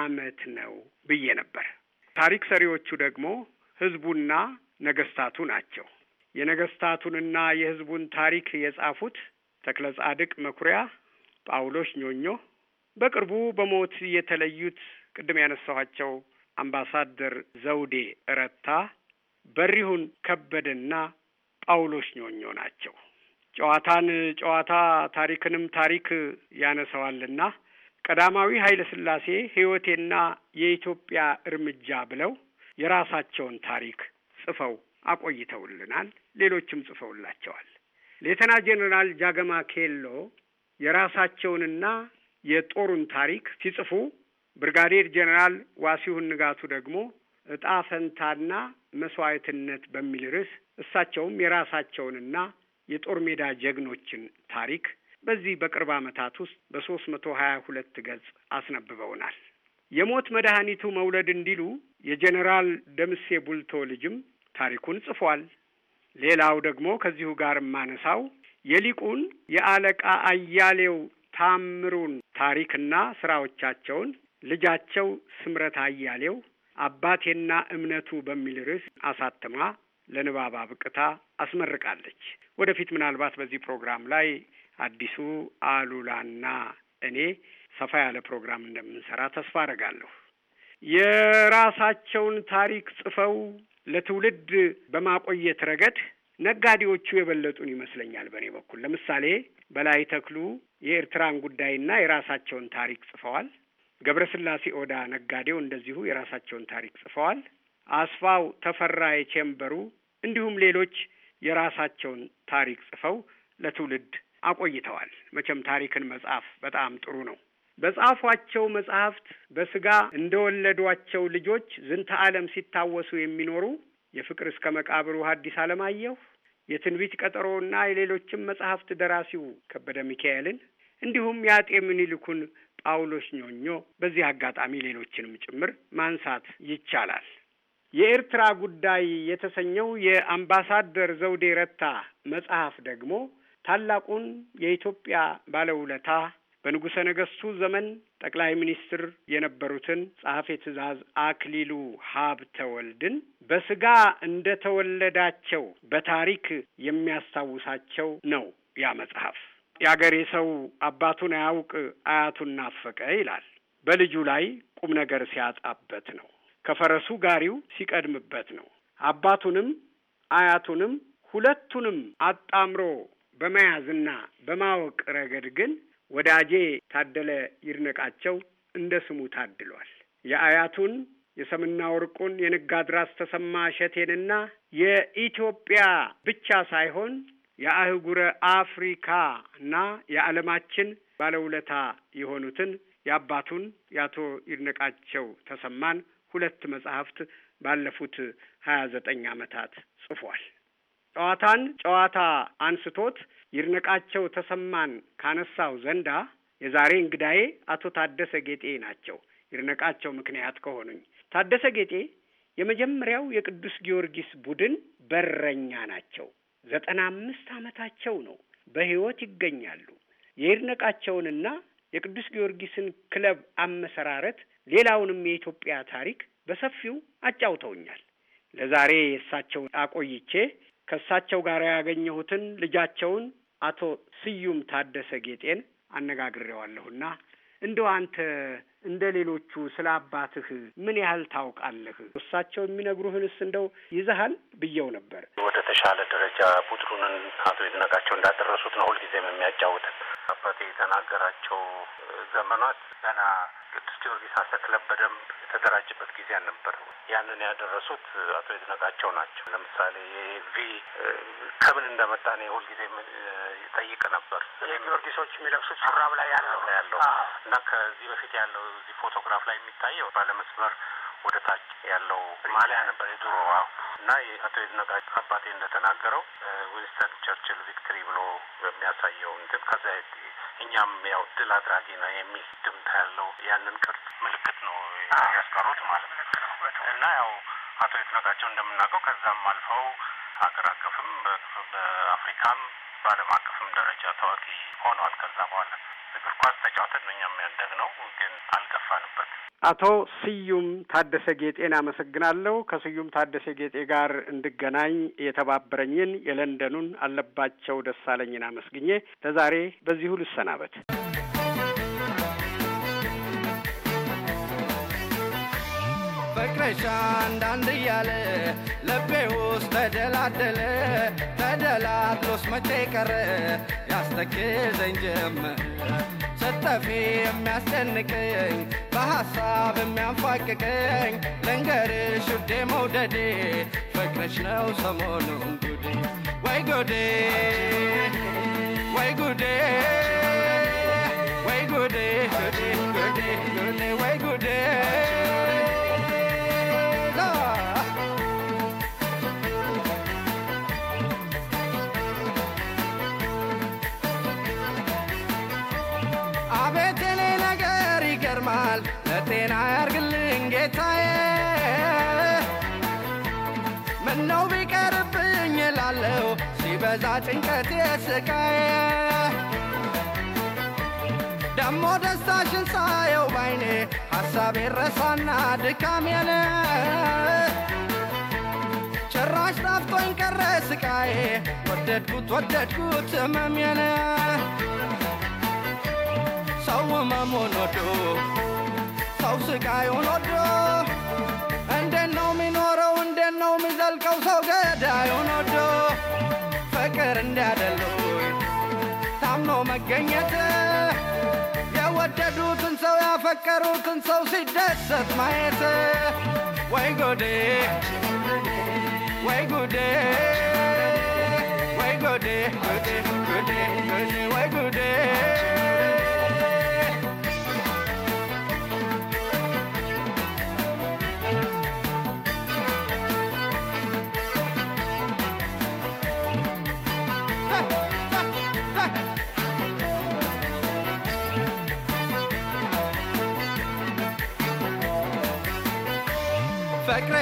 አመት ነው ብዬ ነበር። ታሪክ ሰሪዎቹ ደግሞ ህዝቡና ነገስታቱ ናቸው። የነገስታቱንና የህዝቡን ታሪክ የጻፉት ተክለ ጻድቅ መኩሪያ፣ ጳውሎስ ኞኞ፣ በቅርቡ በሞት የተለዩት ቅድም ያነሳኋቸው አምባሳደር ዘውዴ እረታ፣ በሪሁን ከበደና ጳውሎስ ኞኞ ናቸው። ጨዋታን ጨዋታ ታሪክንም ታሪክ ያነሰዋልና ቀዳማዊ ኃይለ ሥላሴ ሕይወቴና የኢትዮጵያ እርምጃ ብለው የራሳቸውን ታሪክ ጽፈው አቆይተውልናል። ሌሎችም ጽፈውላቸዋል። ሌተና ጄኔራል ጃገማ ኬሎ የራሳቸውንና የጦሩን ታሪክ ሲጽፉ ብርጋዴር ጄኔራል ዋሲሁን ንጋቱ ደግሞ እጣ ፈንታና መስዋዕትነት በሚል ርዕስ እሳቸውም የራሳቸውንና የጦር ሜዳ ጀግኖችን ታሪክ በዚህ በቅርብ ዓመታት ውስጥ በሶስት መቶ ሀያ ሁለት ገጽ አስነብበውናል። የሞት መድኃኒቱ መውለድ እንዲሉ የጄኔራል ደምሴ ቡልቶ ልጅም ታሪኩን ጽፏል። ሌላው ደግሞ ከዚሁ ጋር የማነሳው የሊቁን የአለቃ አያሌው ታምሩን ታሪክና ስራዎቻቸውን ልጃቸው ስምረት አያሌው አባቴና እምነቱ በሚል ርዕስ አሳትማ ለንባብ አብቅታ አስመርቃለች። ወደፊት ምናልባት በዚህ ፕሮግራም ላይ አዲሱ አሉላና እኔ ሰፋ ያለ ፕሮግራም እንደምንሰራ ተስፋ አረጋለሁ። የራሳቸውን ታሪክ ጽፈው ለትውልድ በማቆየት ረገድ ነጋዴዎቹ የበለጡን ይመስለኛል። በእኔ በኩል ለምሳሌ በላይ ተክሉ የኤርትራን ጉዳይና የራሳቸውን ታሪክ ጽፈዋል። ገብረስላሴ ኦዳ ነጋዴው እንደዚሁ የራሳቸውን ታሪክ ጽፈዋል። አስፋው ተፈራ የቼምበሩ እንዲሁም ሌሎች የራሳቸውን ታሪክ ጽፈው ለትውልድ አቆይተዋል። መቼም ታሪክን መጽሐፍ በጣም ጥሩ ነው። በጻፏቸው መጽሐፍት በስጋ እንደወለዷቸው ልጆች ዝንተ ዓለም ሲታወሱ የሚኖሩ የፍቅር እስከ መቃብሩ ሐዲስ ዓለማየሁ፣ የትንቢት ቀጠሮና የሌሎችም መጽሐፍት ደራሲው ከበደ ሚካኤልን እንዲሁም የአጤ ምኒልኩን ጳውሎስ ኞኞ በዚህ አጋጣሚ ሌሎችንም ጭምር ማንሳት ይቻላል። የኤርትራ ጉዳይ የተሰኘው የአምባሳደር ዘውዴ ረታ መጽሐፍ ደግሞ ታላቁን የኢትዮጵያ ባለውለታ በንጉሠ ነገሥቱ ዘመን ጠቅላይ ሚኒስትር የነበሩትን ጸሐፌ ትእዛዝ አክሊሉ ሀብተወልድን በስጋ እንደተወለዳቸው በታሪክ የሚያስታውሳቸው ነው ያ መጽሐፍ። የአገሬ ሰው አባቱን አያውቅ አያቱን ናፈቀ ይላል። በልጁ ላይ ቁም ነገር ሲያጣበት ነው። ከፈረሱ ጋሪው ሲቀድምበት ነው። አባቱንም አያቱንም ሁለቱንም አጣምሮ በመያዝና በማወቅ ረገድ ግን ወዳጄ ታደለ ይድነቃቸው እንደ ስሙ ታድሏል። የአያቱን የሰምና ወርቁን የንጋድራስ ተሰማ እሸቴንና የኢትዮጵያ ብቻ ሳይሆን የአህጉረ አፍሪካ እና የዓለማችን ባለውለታ የሆኑትን የአባቱን የአቶ ይድነቃቸው ተሰማን ሁለት መጽሐፍት ባለፉት ሀያ ዘጠኝ ዓመታት ጽፏል። ጨዋታን ጨዋታ አንስቶት ይድነቃቸው ተሰማን ካነሳው ዘንዳ የዛሬ እንግዳዬ አቶ ታደሰ ጌጤ ናቸው። ይድነቃቸው ምክንያት ከሆኑኝ ታደሰ ጌጤ የመጀመሪያው የቅዱስ ጊዮርጊስ ቡድን በረኛ ናቸው። ዘጠና አምስት ዓመታቸው ነው። በሕይወት ይገኛሉ። የይድነቃቸውንና የቅዱስ ጊዮርጊስን ክለብ አመሰራረት ሌላውንም የኢትዮጵያ ታሪክ በሰፊው አጫውተውኛል። ለዛሬ የእሳቸው አቆይቼ ከእሳቸው ጋር ያገኘሁትን ልጃቸውን አቶ ስዩም ታደሰ ጌጤን አነጋግሬዋለሁና እንደው አንተ እንደ ሌሎቹ ስለ አባትህ ምን ያህል ታውቃለህ? እሳቸው የሚነግሩህንስ እንደው ይዘሃል ብየው ነበር።
ወደ ተሻለ ደረጃ ቡድኑን አቶ ይድነቃቸው እንዳደረሱት ነው ሁልጊዜም የሚያጫውትን አባቴ የተናገራቸው ዘመናት ገና ቅዱስ ጊዮርጊስ አሰክለብ በደንብ የተደራጅበት ጊዜ አልነበረም። ያንን ያደረሱት አቶ ይድነቃቸው ናቸው። ለምሳሌ ቪ ከምን እንደመጣ ነው የሁልጊዜ ይጠይቅ ነበር። የጊዮርጊሶች የሚለብሱት ሹራብ ላይ ያለው ያለው እና ከዚህ በፊት ያለው እዚህ ፎቶግራፍ ላይ የሚታየው ባለመስመር ወደ ታች ያለው ማሊያ ነበር የድሮ እና የአቶ ይድነቃቸው አባቴ እንደተናገረው ዊንስተን ቸርችል ቪክትሪ ብሎ በሚያሳየው እንትን ከዛ እኛም ያው ድል አድራጊ ነው የሚል ድምታ ያለው ያንን ቅርጽ ምልክት ነው ያስቀሩት ማለት ነው። እና ያው አቶ ይድነቃቸው እንደምናውቀው ከዛም አልፈው ሀገር አቀፍም በአፍሪካም በዓለም አቀፍም ደረጃ ታዋቂ ሆነዋል ከዛ በኋላ እግር ኳስ ተጫውተን ነው እኛም ነው፣ ግን
አልገፋንበት። አቶ ስዩም ታደሰ ጌጤን አመሰግናለሁ። ከስዩም ታደሰ ጌጤ ጋር እንድገናኝ የተባበረኝን የለንደኑን አለባቸው ደሳለኝን አመስግኜ ለዛሬ በዚሁ ልሰናበት።
መሻ አንዳንድ እያለ ልቤ ውስጥ ተደላደለ ተደላድሎስ መቼ ቀረ ያስተክዘኝ ጀመር ስጠፊ የሚያስጨንቀኝ በሐሳብ የሚያንፋቅቀኝ ልንገርሽ ውዴ መውደዴ ፍቅርሽ ነው ሰሞኑን ጉዴ ወይ ጉዴ ወይ ጉዴ ወይ ጉዴ ጉዴ ጉዴ ጉዴ ወይ ጉዴ አለው ሲበዛ ጭንቀት የስቃዬ ደሞ ደስታሽን ሳየው ባይኔ ሐሳቤ ረሳና ድካሜን ጭራሽ ጣፍቶኝ ቀረ ስቃዬ ወደድኩት ወደድኩት መሜን ሰው ህመሙን ወዶ ሰው ስቃዩን ወዶ እንዴት ነው የሚኖረው? እንዴት ነው የሚዘልቀው ሰው ገዳዩን ወዶ ፍቅር እንዳደሉ ታምኖ መገኘት የወደዱትን ሰው ያፈቀሩትን ሰው ሲደሰት ማየት ወይ ጎዴ ወይ ጉዴ ወይ ጎዴ ጉዴ ጉዴ ጉዴ ወይ ጉዴ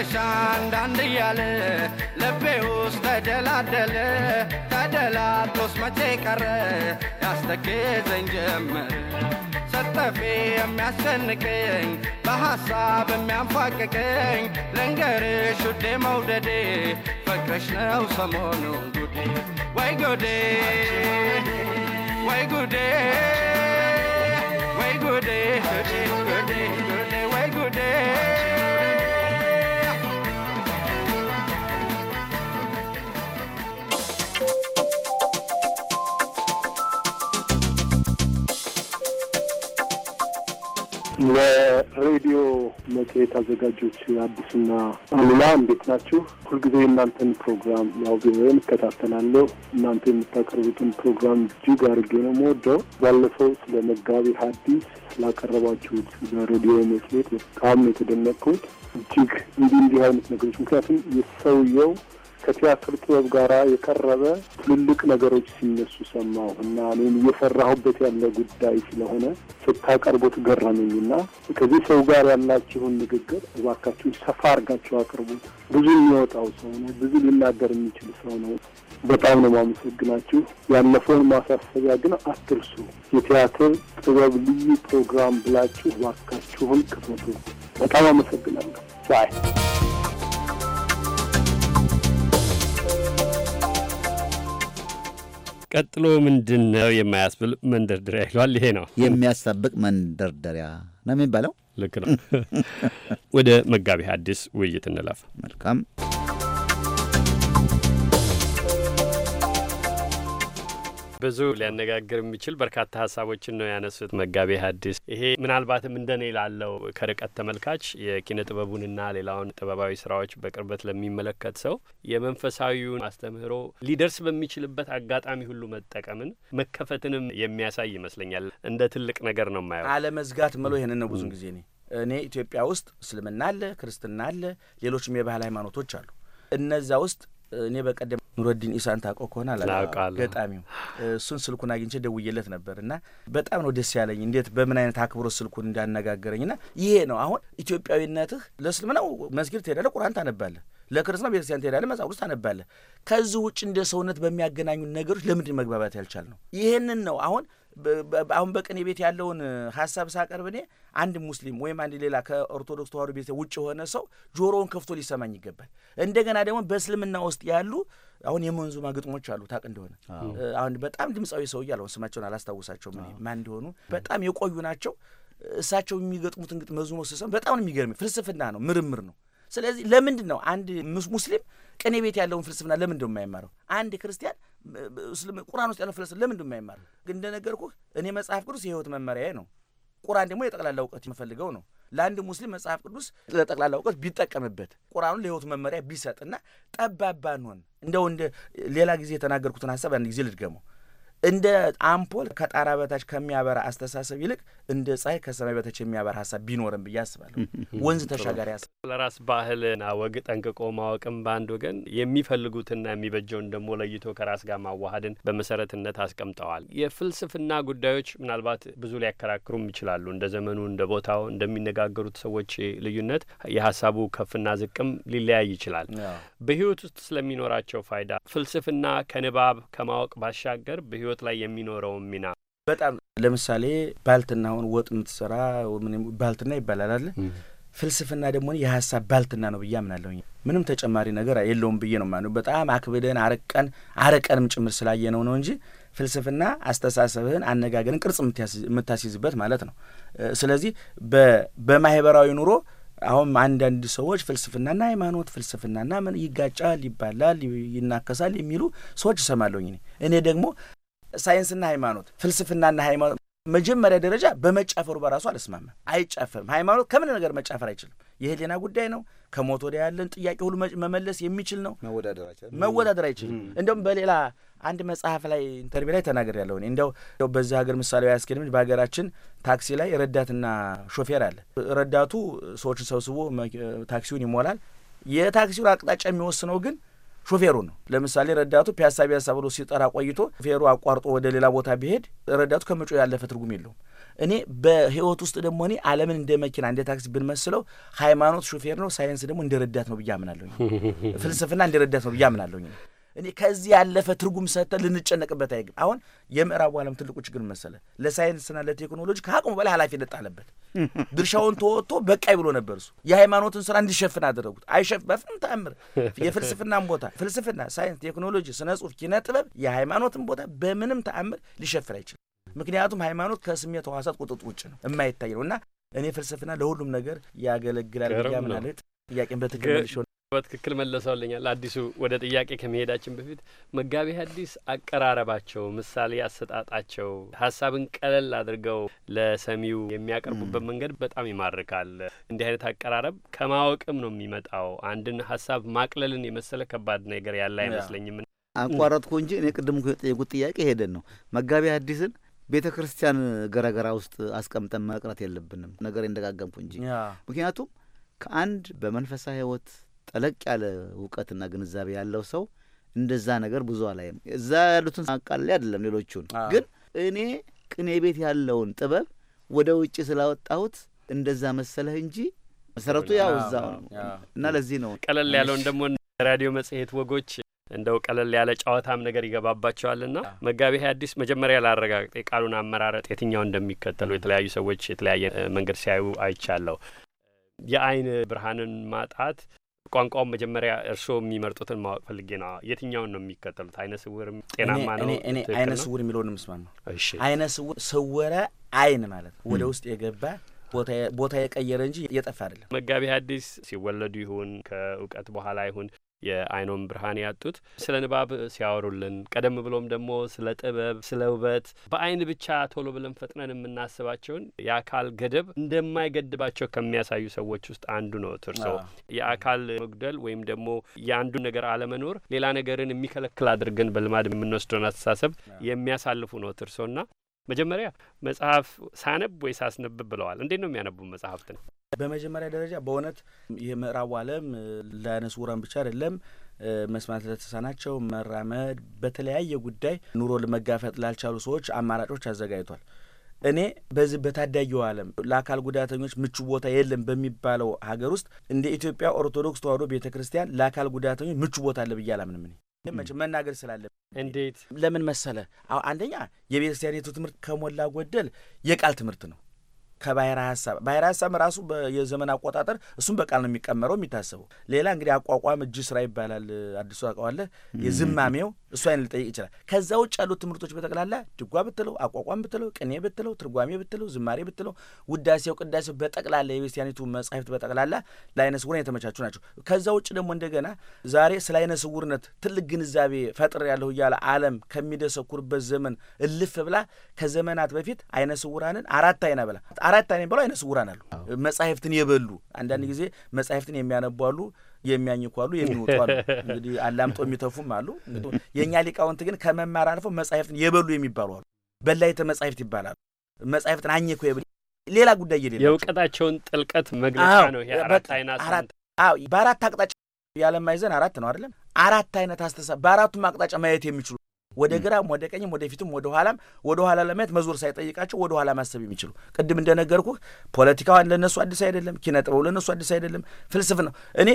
መጨረሻ አንዳንድ እያለ ልቤ ውስጥ ተደላደለ ተደላቶስ መቼ ቀረ ያስተክዘኝ ጀመር ሰጠፌ የሚያስጨንቀኝ በሐሳብ የሚያንፏቅቀኝ ልንገርሽ ውዴ መውደዴ ፍቅርሽ ነው ሰሞኑ ጉዴ ወይ ጉዴ ወይ ጉዴ ወይ ጉዴ ወይ ጉዴ
ለሬዲዮ መጽሔት አዘጋጆች አዲስና አሉላ እንዴት ናችሁ? ሁልጊዜ እናንተን ፕሮግራም ያው ቢሆን እከታተላለሁ። እናንተ የምታቀርቡትን ፕሮግራም እጅግ አድርጌ ነው የምወደው። ባለፈው ስለ መጋቢ ሐዲስ ስላቀረባችሁት ለሬዲዮ መጽሔት በጣም የተደነቅኩት። እጅግ እንዲህ እንዲህ አይነት ነገሮች ምክንያቱም የሰውየው ከቲያትር ጥበብ ጋር የቀረበ ትልልቅ ነገሮች ሲነሱ ሰማሁ እና እኔም እየሰራሁበት ያለ ጉዳይ ስለሆነ ስታቀርቡት ገረመኝ እና ከዚህ ሰው ጋር ያላችሁን ንግግር እባካችሁ ሰፋ አድርጋችሁ አቅርቡ። ብዙ የሚወጣው ሰው ነው፣ ብዙ ሊናገር የሚችል ሰው ነው። በጣም ነው ማመሰግናችሁ። ያለፈውን ማሳሰቢያ ግን አትርሱ። የቲያትር ጥበብ ልዩ ፕሮግራም ብላችሁ እባካችሁን ክፈቱ። በጣም አመሰግናለሁ።
ቀጥሎ ምንድን ነው የማያስብል መንደርደሪያ ይሏል። ይሄ ነው የሚያስጠብቅ መንደርደሪያ ነው የሚባለው። ልክ ነው። ወደ መጋቢ ሐዲስ ውይይት እንለፍ። መልካም ብዙ ሊያነጋግር የሚችል በርካታ ሀሳቦችን ነው ያነሱት መጋቤ ሐዲስ። ይሄ ምናልባትም እንደኔ ላለው ከርቀት ተመልካች የኪነ ጥበቡንና ሌላውን ጥበባዊ ስራዎች በቅርበት ለሚመለከት ሰው የመንፈሳዊውን አስተምህሮ ሊደርስ በሚችልበት አጋጣሚ ሁሉ መጠቀምን መከፈትንም የሚያሳይ ይመስለኛል። እንደ ትልቅ ነገር ነው ማየው፣
አለመዝጋት ምሎ ይህንን ነው። ብዙን ጊዜ እኔ እኔ ኢትዮጵያ ውስጥ እስልምና አለ፣ ክርስትና አለ፣ ሌሎችም የባህል ሃይማኖቶች አሉ። እነዛ ውስጥ እኔ በቀደም ኑረዲን ኢሳን ታውቀው ከሆነ ገጣሚው እሱን ስልኩን አግኝቼ ደውዬለት ነበር እና በጣም ነው ደስ ያለኝ እንዴት በምን አይነት አክብሮት ስልኩን እንዳነጋገረኝ ና ይሄ ነው አሁን ኢትዮጵያዊነትህ ለእስልምናው መስጊድ ትሄዳለህ ቁርአን ታነባለህ ለክርስትና ቤተክርስቲያን ትሄዳለህ መጽሐፍ ቅዱስ ታነባለህ ከዚህ ውጭ እንደ ሰውነት በሚያገናኙ ነገሮች ለምንድን መግባባት ያልቻል ነው ይህንን ነው አሁን አሁን በቅኔ ቤት ያለውን ሀሳብ ሳቀርብ እኔ አንድ ሙስሊም ወይም አንድ ሌላ ከኦርቶዶክስ ተዋሕዶ ቤተ ውጭ የሆነ ሰው ጆሮውን ከፍቶ ሊሰማኝ ይገባል እንደገና ደግሞ በእስልምና ውስጥ ያሉ አሁን የመንዙማ ግጥሞች አሉ ታቅ እንደሆነ አሁን በጣም ድምፃዊ ሰውዬ አሁን ስማቸውን ምን ማን እንደሆኑ በጣም የቆዩ ናቸው። እሳቸው የሚገጥሙትን ግጥም መዝሙር ስሰም በጣም ነው የሚገርም። ፍልስፍና ነው፣ ምርምር ነው። ስለዚህ ለምንድን ነው አንድ ሙስሊም ቅኔ ቤት ያለውን ፍልስፍና ለምን ነው የማይማረው? አንድ ክርስቲያን ቁርአን ውስጥ ያለው ፍልስፍና ለምን ነው የማይማረው? ግን እኔ መጽሐፍ ቅዱስ የህይወት መመሪያዬ ነው። ቁርአን ደግሞ የጠቅላላ እውቀት የምፈልገው ነው። ለአንድ ሙስሊም መጽሐፍ ቅዱስ ለጠቅላላ እውቀት ቢጠቀምበት፣ ቁርአኑን ለህይወቱ መመሪያ ቢሰጥና ጠባብ ባንሆን እንደው ሌላ ጊዜ የተናገርኩትን ሀሳብ አንድ ጊዜ ልድገመው። እንደ አምፖል ከጣራ በታች ከሚያበራ አስተሳሰብ ይልቅ እንደ ፀሐይ ከሰማይ በታች የሚያበራ ሀሳብ ቢኖርም ብዬ አስባለሁ። ወንዝ ተሻጋሪ ሀሳብ
ለራስ ባህልና ወግ ጠንቅቆ ማወቅም በአንድ ወገን የሚፈልጉትና የሚበጀውን ደግሞ ለይቶ ከራስ ጋር ማዋሃድን በመሰረትነት አስቀምጠዋል። የፍልስፍና ጉዳዮች ምናልባት ብዙ ሊያከራክሩም ይችላሉ። እንደ ዘመኑ፣ እንደ ቦታው፣ እንደሚነጋገሩት ሰዎች ልዩነት የሀሳቡ ከፍና ዝቅም ሊለያይ ይችላል። በህይወት ውስጥ ስለሚኖራቸው ፋይዳ ፍልስፍና ከንባብ ከማወቅ ባሻገር በህይወት ህይወት ላይ የሚኖረውን ሚና በጣም
ለምሳሌ ባልትናውን ወጥ የምትሰራ ባልትና ይባላል አለ ፍልስፍና ደግሞ የሀሳብ ባልትና ነው ብዬ አምናለሁኝ ምንም ተጨማሪ ነገር የለውም ብዬ ነው ማነው። በጣም አክብደን አረቀን አረቀንም ጭምር ስላየነው ነው እንጂ ፍልስፍና አስተሳሰብህን፣ አነጋገርን ቅርጽ የምታስይዝበት ማለት ነው። ስለዚህ በማህበራዊ ኑሮ አሁን አንዳንድ ሰዎች ፍልስፍናና ሃይማኖት ፍልስፍናና ምን ይጋጫል፣ ይባላል፣ ይናከሳል የሚሉ ሰዎች እሰማለሁኝ። እኔ ደግሞ ሳይንስና ሃይማኖት፣ ፍልስፍናና ሃይማኖት መጀመሪያ ደረጃ በመጫፈሩ በራሱ አልስማማም። አይጫፈርም። ሃይማኖት ከምን ነገር መጫፈር አይችልም። የህሊና ጉዳይ ነው። ከሞት ወዲያ ያለን ጥያቄ ሁሉ መመለስ የሚችል ነው። መወዳደር አይችልም። እንደውም በሌላ አንድ መጽሐፍ ላይ ኢንተርቪው ላይ ተናገር ያለው እንደው በዚህ ሀገር ምሳሌ ያስኬድም በሀገራችን ታክሲ ላይ ረዳትና ሾፌር አለ። ረዳቱ ሰዎችን ሰብስቦ ታክሲውን ይሞላል። የታክሲውን አቅጣጫ የሚወስነው ግን ሾፌሩ ነው። ለምሳሌ ረዳቱ ፒያሳ ፒያሳ ብሎ ሲጠራ ቆይቶ ሾፌሩ አቋርጦ ወደ ሌላ ቦታ ቢሄድ ረዳቱ ከመጮ ያለፈ ትርጉም የለውም። እኔ በህይወት ውስጥ ደግሞ እኔ ዓለምን እንደ መኪና እንደ ታክሲ ብንመስለው ሃይማኖት ሾፌር ነው፣ ሳይንስ ደግሞ እንደ ረዳት ነው ብዬ አምናለሁ። ፍልስፍና እንደ ረዳት ነው ብዬ አምናለሁ። እኔ ከዚህ ያለፈ ትርጉም ሰተ ልንጨነቅበት አይግም። አሁን የምዕራቡ ዓለም ትልቁ ችግር መሰለ ለሳይንስና ለቴክኖሎጂ ከአቅሙ በላይ ኃላፊነት ጣለበት። ድርሻውን ተወጥቶ በቃይ ብሎ ነበር። እሱ የሃይማኖትን ስራ እንዲሸፍን አደረጉት። አይሸፍ በፍም ተአምር የፍልስፍናን ቦታ ፍልስፍና፣ ሳይንስ፣ ቴክኖሎጂ፣ ስነ ጽሁፍ፣ ኪነ ጥበብ የሃይማኖትን ቦታ በምንም ተአምር ሊሸፍን አይችልም። ምክንያቱም ሃይማኖት ከስሜት ዋሳት ቁጥጥ ውጭ ነው፣ የማይታይ ነው እና እኔ ፍልስፍና ለሁሉም ነገር ያገለግላል ብያምናለ ጥያቄን በትክክል
በትክክል መለሰውልኛል። አዲሱ ወደ ጥያቄ ከመሄዳችን በፊት መጋቢ ሐዲስ አቀራረባቸው፣ ምሳሌ አሰጣጣቸው፣ ሀሳብን ቀለል አድርገው ለሰሚው የሚያቀርቡበት መንገድ በጣም ይማርካል። እንዲህ አይነት አቀራረብ ከማወቅም ነው የሚመጣው። አንድን ሀሳብ ማቅለልን የመሰለ ከባድ ነገር ያለ አይመስለኝም። አቋረጥኩ
እንጂ እኔ ቅድም የጠየቁት ጥያቄ ሄደን ነው መጋቢ ሐዲስን ቤተ ክርስቲያን ገረገራ ውስጥ አስቀምጠን መቅረት የለብንም። ነገር እንደጋገምኩ እንጂ ምክንያቱም ከአንድ በመንፈሳዊ ህይወት ጠለቅ ያለ እውቀትና ግንዛቤ ያለው ሰው እንደዛ ነገር ብዙ አላይም። እዛ ያሉትን አቃላይ አይደለም ሌሎቹን ግን እኔ ቅኔ ቤት ያለውን ጥበብ ወደ ውጭ ስላወጣሁት እንደዛ መሰለህ እንጂ መሰረቱ ያው እዛው ነው እና ለዚህ ነው
ቀለል ያለውን ደግሞ ራዲዮ መጽሔት ወጎች እንደው ቀለል ያለ ጨዋታም ነገር ይገባባቸዋልና መጋቤ ሐዲስ መጀመሪያ ላረጋግጥ የቃሉን አመራረጥ የትኛው እንደሚከተሉ የተለያዩ ሰዎች የተለያየ መንገድ ሲያዩ አይቻለሁ። የአይን ብርሃንን ማጣት ቋንቋውን መጀመሪያ እርስዎ የሚመርጡትን ማወቅ ፈልጌ ነው። የትኛውን ነው የሚከተሉት? አይነ ስውር ጤናማ ነው። እኔ አይነ ስውር የሚለውን ምስማን ነው።
አይነ ስውር ስውረ አይን ማለት ነው፣ ወደ ውስጥ የገባ ቦታ የቀየረ እንጂ የጠፋ አይደለም።
መጋቢ ሐዲስ ሲወለዱ ይሁን ከእውቀት በኋላ ይሁን የአይኖም ብርሃን ያጡት ስለ ንባብ ሲያወሩልን፣ ቀደም ብሎም ደግሞ ስለ ጥበብ፣ ስለ ውበት በአይን ብቻ ቶሎ ብለን ፈጥነን የምናስባቸውን የአካል ገደብ እንደማይገድባቸው ከሚያሳዩ ሰዎች ውስጥ አንዱ ነው። ትርሶ የአካል መጉደል ወይም ደግሞ የአንዱ ነገር አለመኖር ሌላ ነገርን የሚከለክል አድርገን በልማድ የምንወስደውን አስተሳሰብ የሚያሳልፉ ነው። ትርሶና መጀመሪያ መጽሐፍ ሳነብ ወይ ሳስነብ ብለዋል። እንዴት ነው የሚያነቡ መጽሐፍትን?
በመጀመሪያ ደረጃ በእውነት የምዕራቡ ዓለም ለዓይነ ስውራን ብቻ አይደለም። መስማት ለተሳናቸው፣ መራመድ፣ በተለያየ ጉዳይ ኑሮ ለመጋፈጥ ላልቻሉ ሰዎች አማራጮች አዘጋጅቷል። እኔ በዚህ በታዳጊው ዓለም ለአካል ጉዳተኞች ምቹ ቦታ የለም በሚባለው ሀገር ውስጥ እንደ ኢትዮጵያ ኦርቶዶክስ ተዋሕዶ ቤተ ክርስቲያን ለአካል ጉዳተኞች ምቹ ቦታ አለ ብዬ አላምንም። እኔ መቼም መናገር ስላለ እንዴት ለምን መሰለ አንደኛ የቤተ ክርስቲያኒቱ ትምህርት ከሞላ ጎደል የቃል ትምህርት ነው። ከባሕረ ሀሳብ ባሕረ ሀሳብ ራሱ የዘመን አቆጣጠር እሱም በቃል ነው የሚቀመረው የሚታሰበው። ሌላ እንግዲህ አቋቋም እጅ ስራ ይባላል። አዲሱ አቀዋለ የዝማሜው እሱ አይነት ሊጠይቅ ይችላል። ከዛ ውጭ ያሉት ትምህርቶች በጠቅላላ ድጓ ብትለው፣ አቋቋም ብትለው፣ ቅኔ ብትለው፣ ትርጓሜ ብትለው፣ ዝማሬ ብትለው፣ ውዳሴው፣ ቅዳሴው በጠቅላላ የቤስቲያኒቱ መጻሕፍት በጠቅላላ ለአይነ ስውር የተመቻቹ ናቸው። ከዛ ውጭ ደግሞ እንደገና ዛሬ ስለ አይነ ስውርነት ትልቅ ግንዛቤ ፈጥር ያለሁ እያለ አለም ከሚደሰኩርበት ዘመን እልፍ ብላ ከዘመናት በፊት አይነ ስውራንን አራት አይና ብላ አራት አይነት በሉ አይነ ስውራን አሉ። መጻሕፍትን የበሉ አንዳንድ ጊዜ መጻሕፍትን የሚያነቡ አሉ የሚያኝኩ አሉ፣ የሚወጡ አሉ። እንግዲህ አላምጦ የሚተፉም አሉ። የእኛ ሊቃውንት ግን ከመማር አልፎ መጻሕፍትን የበሉ የሚባሉ አሉ። በላይተ መጻሕፍት ይባላሉ። መጻሕፍትን አኘኩ የብ ሌላ ጉዳይ የሌለ
የእውቀታቸውን ጥልቀት
መግለጫ ነው። አራት አይነት በአራት አቅጣጫ ያለማይዘን አራት ነው አይደለም። አራት አይነት አስተሳ በአራቱም አቅጣጫ ማየት የሚችሉ ወደ ግራም ወደ ቀኝም ወደፊትም ወደ ኋላም ወደ ኋላ ለማየት መዞር ሳይጠይቃቸው ወደ ኋላ ማሰብ የሚችሉ ቅድም እንደነገርኩ ፖለቲካዋን ለነሱ አዲስ አይደለም። ኪነ ጥበቡ ለነሱ አዲስ አይደለም። ፍልስፍ ነው። እኔ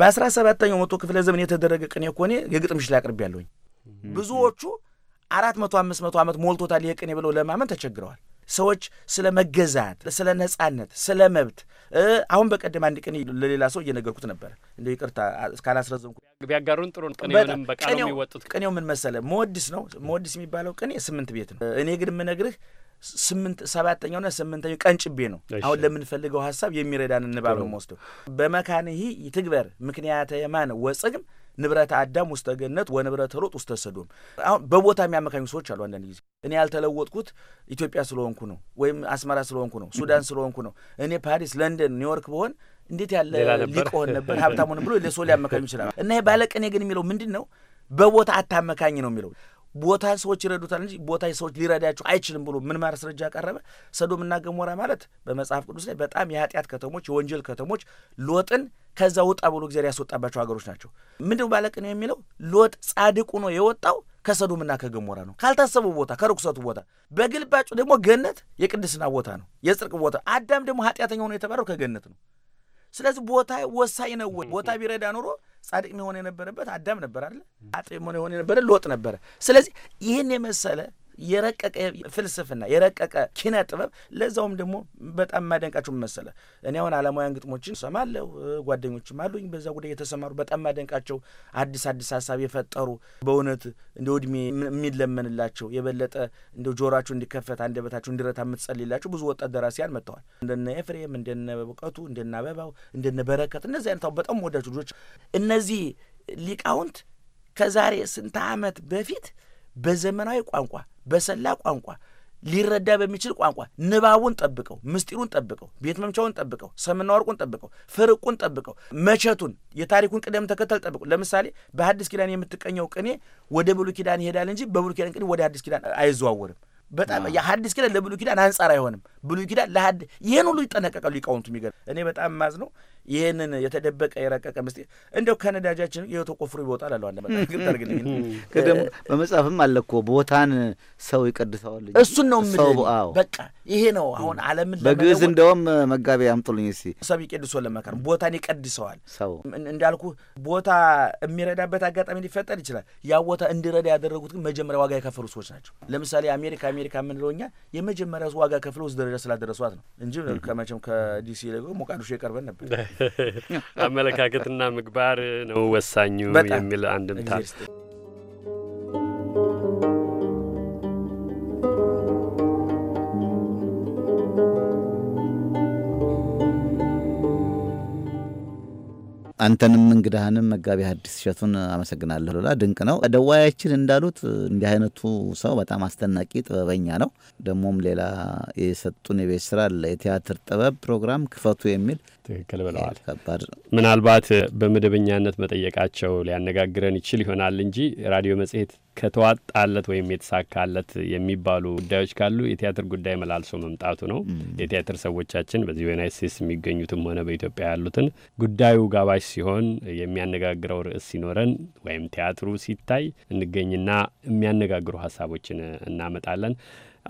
በአስራ ሰባተኛው መቶ ክፍለ ዘመን የተደረገ ቅኔ እኮ እኔ የግጥም ሽል አቅርቤ ያለሁኝ ብዙዎቹ አራት መቶ አምስት መቶ ዓመት ሞልቶታል ይህ ቅኔ ብለው ለማመን ተቸግረዋል። ሰዎች ስለ መገዛት፣ ስለ ነጻነት፣ ስለ መብት አሁን በቀደም አንድ ቅኔ ለሌላ ሰው እየነገርኩት ነበር። እንደ ይቅርታ እስካላስረዘምኩ ቢያጋሩን ጥሩ ቅኔው ምን መሰለ መወድስ ነው። መወድስ የሚባለው ቅኔ ስምንት ቤት ነው። እኔ ግን የምነግርህ ስምንት ሰባተኛውና ስምንተኛው ቀንጭቤ ነው። አሁን ለምንፈልገው ሀሳብ የሚረዳን እንባብ ነው መወስደው በመካንሂ ትግበር ምክንያተ የማነ ወጽግም ንብረት አዳም ውስተ ገነት ወንብረት ሎጥ ውስተ ሰዶም። አሁን በቦታ የሚያመካኙ ሰዎች አሉ። አንዳንድ ጊዜ እኔ ያልተለወጥኩት ኢትዮጵያ ስለሆንኩ ነው፣ ወይም አስመራ ስለሆንኩ ነው፣ ሱዳን ስለሆንኩ ነው። እኔ ፓሪስ፣ ለንደን፣ ኒውዮርክ በሆን እንዴት ያለ ሊቆሆን ነበር ሀብታሙን ብሎ ለሰው ሊያመካኙ ይችላል። እና ይህ ባለቅኔ ግን የሚለው ምንድን ነው? በቦታ አታመካኝ ነው የሚለው ቦታ ሰዎች ይረዱታል እንጂ ቦታ ሰዎች ሊረዳቸው አይችልም ብሎ ምን ማስረጃ ቀረበ? ሰዶምና ገሞራ ማለት በመጽሐፍ ቅዱስ ላይ በጣም የኃጢአት ከተሞች፣ የወንጀል ከተሞች ሎጥን ከዛ ውጣ ብሎ እግዚአብሔር ያስወጣባቸው ሀገሮች ናቸው። ባለቅ ነው የሚለው? ሎጥ ጻድቁ ነው የወጣው ከሰዶምና ከገሞራ ነው፣ ካልታሰቡ ቦታ፣ ከርኩሰቱ ቦታ። በግልባጩ ደግሞ ገነት የቅድስና ቦታ ነው፣ የጽድቅ ቦታ። አዳም ደግሞ ኃጢአተኛ ሆኖ የተባረው ከገነት ነው። ስለዚህ ቦታ ወሳኝ ነው ወይ? ቦታ ቢረዳ ኑሮ ጻድቅ መሆን የነበረበት አዳም ነበር አይደል? ኃጥእ መሆን የነበረ ሎጥ ነበረ። ስለዚህ ይህን የመሰለ የረቀቀ ፍልስፍና የረቀቀ ኪነ ጥበብ ለዛውም ደግሞ በጣም የማደንቃቸው መሰለ እኔ አሁን አለማውያን ግጥሞችን ሰማለሁ፣ ጓደኞችም አሉኝ በዛ ጉዳይ የተሰማሩ በጣም የማደንቃቸው አዲስ አዲስ ሀሳብ የፈጠሩ በእውነት እንደ ውድሜ የሚለመንላቸው የበለጠ እንደ ጆሯቸው እንዲከፈት አንደበታቸው እንዲረታ የምትጸልላቸው ብዙ ወጣት ደራሲያን መጥተዋል። እንደነ ኤፍሬም፣ እንደነ እውቀቱ፣ እንደነ አበባው፣ እንደነ በረከት እነዚህ አይነት በጣም ወዳቸው ልጆች እነዚህ ሊቃውንት ከዛሬ ስንት አመት በፊት በዘመናዊ ቋንቋ፣ በሰላ ቋንቋ፣ ሊረዳ በሚችል ቋንቋ ንባቡን ጠብቀው፣ ምስጢሩን ጠብቀው፣ ቤት መምቻውን ጠብቀው፣ ሰምና ወርቁን ጠብቀው፣ ፍርቁን ጠብቀው፣ መቸቱን፣ የታሪኩን ቅደም ተከተል ጠብቀው። ለምሳሌ በሐዲስ ኪዳን የምትቀኘው ቅኔ ወደ ብሉ ኪዳን ይሄዳል እንጂ በብሉ ኪዳን ቅኔ ወደ ሐዲስ ኪዳን አይዘዋወርም። በጣም የሐዲስ ኪዳን ለብሉ ኪዳን አንጻር አይሆንም። ብሉ ኪዳን ለሐዲስ ይህን ሁሉ ይጠነቀቃሉ ሊቃውንቱ። የሚገርም እኔ በጣም ማዝ ነው ይህንን የተደበቀ የረቀቀ ምስጢር እንደው ከነዳጃችን ይኸው ቆፍሩ ይወጣል አለዋለ። ቅድም
በመጽሐፍም አለ እኮ ቦታን ሰው ይቀድሰዋል። እሱን ነው የምልህ። በቃ
ይሄ ነው አሁን ዓለምን በግዕዝ
እንደውም መጋቢ አምጡልኝ እስኪ
ሰብ ይቀድሶ ለመከር ቦታን ይቀድሰዋል። ሰው እንዳልኩ ቦታ የሚረዳበት አጋጣሚ ሊፈጠር ይችላል። ያ ቦታ እንዲረዳ ያደረጉት ግን መጀመሪያ ዋጋ የከፈሉ ሰዎች ናቸው። ለምሳሌ አሜሪካ አሜሪካ የምንለው እኛ የመጀመሪያ ዋጋ ከፍለው እዚህ ደረጃ ስላደረሷት ነው እንጂ ከመቼም ከዲሲ ሞቃዲሾ የቀርበን ነበር አመለካከትና
ምግባር ነው ወሳኙ የሚል አንድምታ thank
you አንተንም እንግዳህንም መጋቢ ሐዲስ እሸቱን አመሰግናለሁ። ሎላ ድንቅ ነው። ደዋያችን እንዳሉት እንዲህ አይነቱ ሰው በጣም አስደናቂ ጥበበኛ ነው። ደግሞም ሌላ የሰጡን የቤት ስራ አለ።
የቲያትር ጥበብ ፕሮግራም ክፈቱ የሚል ትክክል ብለዋል። ከባድ ምናልባት በመደበኛነት መጠየቃቸው ሊያነጋግረን ይችል ይሆናል እንጂ ራዲዮ መጽሔት ከተዋጣለት ወይም የተሳካለት የሚባሉ ጉዳዮች ካሉ የቲያትር ጉዳይ መላልሶ መምጣቱ ነው። የቲያትር ሰዎቻችን በዚህ በዩናይት ስቴትስ የሚገኙትም ሆነ በኢትዮጵያ ያሉትን ጉዳዩ ጋባዥ ሲሆን የሚያነጋግረው ርዕስ ሲኖረን ወይም ቲያትሩ ሲታይ እንገኝና የሚያነጋግሩ ሀሳቦችን እናመጣለን።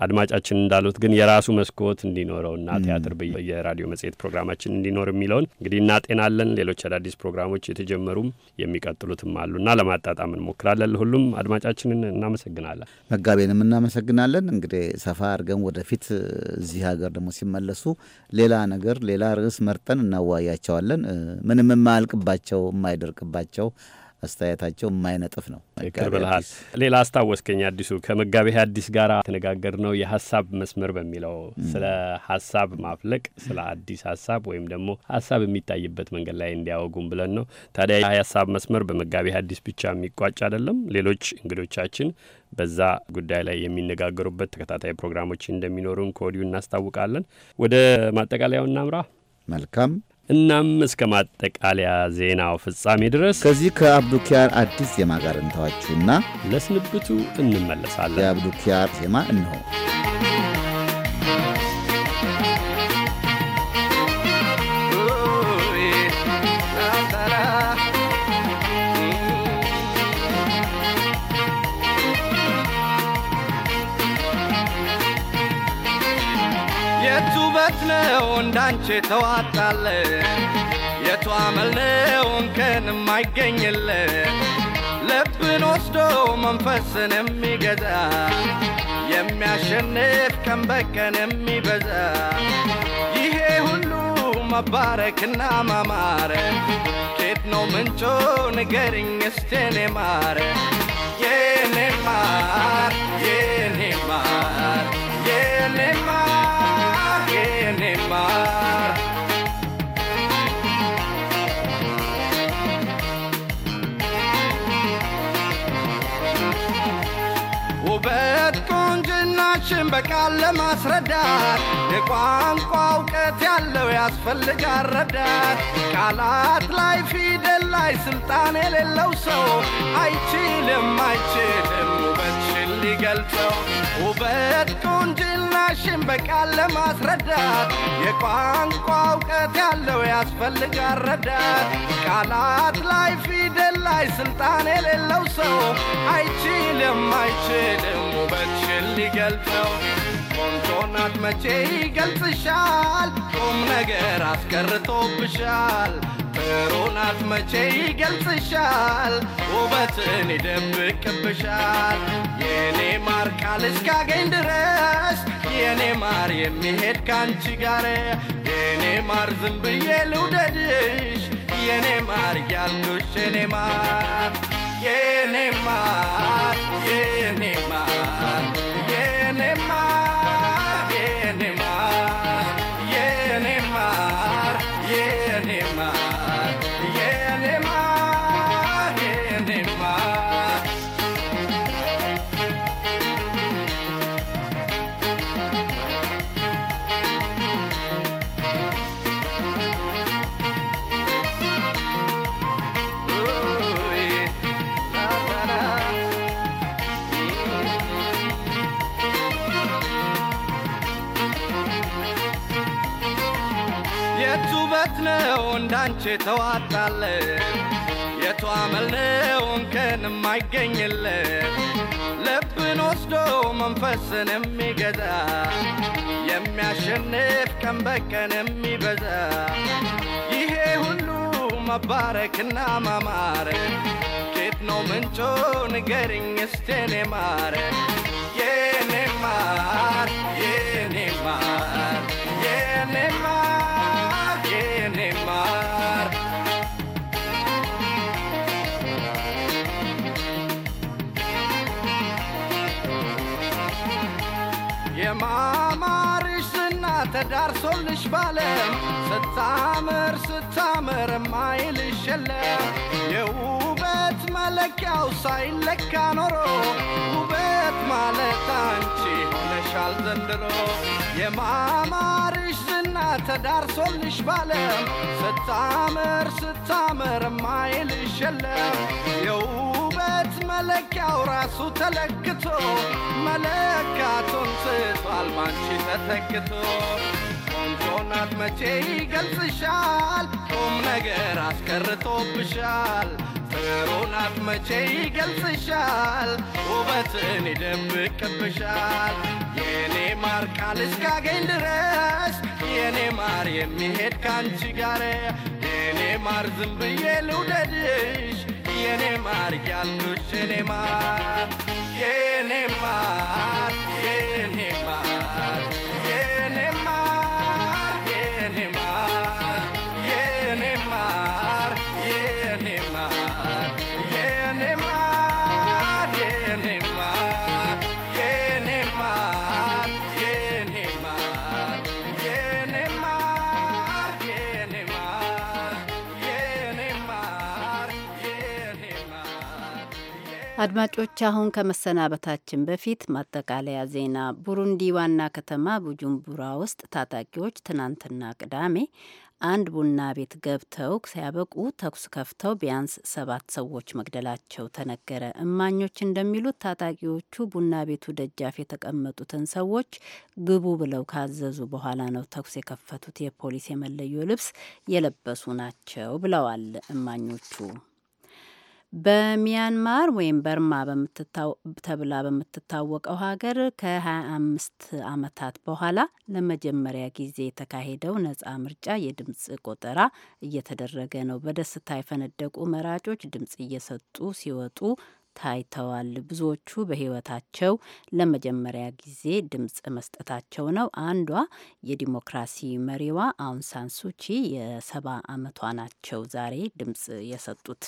አድማጫችን እንዳሉት ግን የራሱ መስኮት እና ቲያትር የራዲዮ መጽሔት ፕሮግራማችን እንዲኖር የሚለውን እንግዲህ እናጤናለን። ሌሎች አዳዲስ ፕሮግራሞች የተጀመሩም የሚቀጥሉትም አሉና ለማጣጣም እንሞክራለን። ለሁሉም አድማጫችንን እናመሰግናለን።
መጋቤንም እናመሰግናለን። እንግዲህ ሰፋ አድርገን ወደፊት እዚህ ሀገር ደግሞ ሲመለሱ ሌላ ነገር ሌላ ርዕስ መርጠን እናዋያቸዋለን። ምንም የማያልቅባቸው የማይደርቅባቸው አስተያየታቸው የማይነጥፍ ነው። ቅርብልሃል
ሌላ አስታወስከኝ አዲሱ ከመጋቤ ሐዲስ ጋር የተነጋገር ነው የሀሳብ መስመር በሚለው ስለ ሀሳብ ማፍለቅ ስለ አዲስ ሀሳብ ወይም ደግሞ ሀሳብ የሚታይበት መንገድ ላይ እንዲያወጉም ብለን ነው። ታዲያ የሀሳብ መስመር በመጋቤ ሐዲስ ብቻ የሚቋጭ አይደለም። ሌሎች እንግዶቻችን በዛ ጉዳይ ላይ የሚነጋገሩበት ተከታታይ ፕሮግራሞች እንደሚኖሩን ከወዲሁ እናስታውቃለን። ወደ ማጠቃለያው እናምራ። መልካም እናም እስከ ማጠቃለያ ዜናው ፍጻሜ ድረስ ከዚህ ከአብዱኪያር አዲስ
ዜማ ጋር እንተዋችሁና ለስንብቱ እንመለሳለን። የአብዱኪያር ዜማ እንሆ
እንዳንቺ ተዋጣለ የቷመለውን መልነው እንከን ልብን ወስዶ መንፈስን የሚገዛ የሚያሸንፍ ቀን በቀን የሚበዛ ይሄ ሁሉ መባረክና ማማረ ኬት ነው ምንጮ ንገርኝ እስቴ ማረ የኔ ማር የኔ ማር
የኔ ማር
tiene mar. ውበት በቃል ለማስረዳት የቋንቋ እውቀት ያለው ያስፈልጋ ረዳት። ቃላት ላይ ፊደል ላይ ስልጣን የሌለው ሰው አይችልም አይችልም ውበት ሊገልጸው ውበት ቁንጅናሽን በቃል ለማስረዳት የቋንቋ እውቀት ያለው ያስፈልጋ ረዳት። ቃላት ላይ ፊደል ላይ ስልጣን የሌለው ሰው አይችልም አይችልም ውበትሽን ሊገልጸው። ቆንጆናት መቼ ይገልጽሻል? ቁም ነገር አስቀርቶብሻል። ፍቅሩ ናት መቼ ይገልጽሻል፣ ውበትን ይደብቅብሻል። የኔ ማር ቃል እስካገኝ ድረስ የኔ ማር የሚሄድ ካንቺ ጋር የኔ ማር ዝም ብዬ ልውደድሽ የኔ ማር ያልኩሽ የኔ ማር የኔ ማር የኔ ማር ባንቺ ተዋጣለ የቷ መልነው እንከን ልብን ወስዶ መንፈስን የሚገዛ የሚያሸንፍ ቀን በቀን የሚበዛ ይሄ ሁሉ መባረክና ማማር ኬት ነው ምንጮ ንገርኝ እስቴ ማር የኔ ማር የኔ ማር የኔ ማር ተዳርሶልሽ ባለ ስታምር ስታምር ማይልሽ የለም የውበት መለኪያው ሳይለካ ኖሮ ውበት ማለት አንቺ ሆነሻል ዘንድሮ የማማርሽ ዝና ተዳርሶልሽ ባለ ስታምር ስታምር ማይልሽ የለም ውበት መለኪያው ራሱ ተለክቶ መለካቱን ስቷል ባንቺ ተተክቶ ቆንጆናት መቼ ይገልጽሻል ቁም ነገር አስቀርቶብሻል ጥሩናት መቼ ይገልጽሻል ውበትን ይደብቅብሻል የኔ ማር ቃል እስካገኝ ድረስ የኔ ማር የሚሄድ ካንቺ ጋር የኔ ማር ዝም ብዬ ልውደድሽ ያልኩሽ እኔማ የኔማ
አድማጮች አሁን ከመሰናበታችን በፊት ማጠቃለያ ዜና። ቡሩንዲ ዋና ከተማ ቡጁምቡራ ውስጥ ታጣቂዎች ትናንትና ቅዳሜ አንድ ቡና ቤት ገብተው ሲያበቁ ተኩስ ከፍተው ቢያንስ ሰባት ሰዎች መግደላቸው ተነገረ። እማኞች እንደሚሉት ታጣቂዎቹ ቡና ቤቱ ደጃፍ የተቀመጡትን ሰዎች ግቡ ብለው ካዘዙ በኋላ ነው ተኩስ የከፈቱት። የፖሊስ የመለዮ ልብስ የለበሱ ናቸው ብለዋል እማኞቹ። በሚያንማር ወይም በርማ ተብላ በምትታወቀው ሀገር ከ25 ዓመታት በኋላ ለመጀመሪያ ጊዜ የተካሄደው ነጻ ምርጫ የድምፅ ቆጠራ እየተደረገ ነው። በደስታ የፈነደቁ መራጮች ድምፅ እየሰጡ ሲወጡ ታይተዋል። ብዙዎቹ በሕይወታቸው ለመጀመሪያ ጊዜ ድምፅ መስጠታቸው ነው። አንዷ የዲሞክራሲ መሪዋ አውንሳን ሱቺ የሰባ ዓመቷ ናቸው ዛሬ ድምፅ የሰጡት።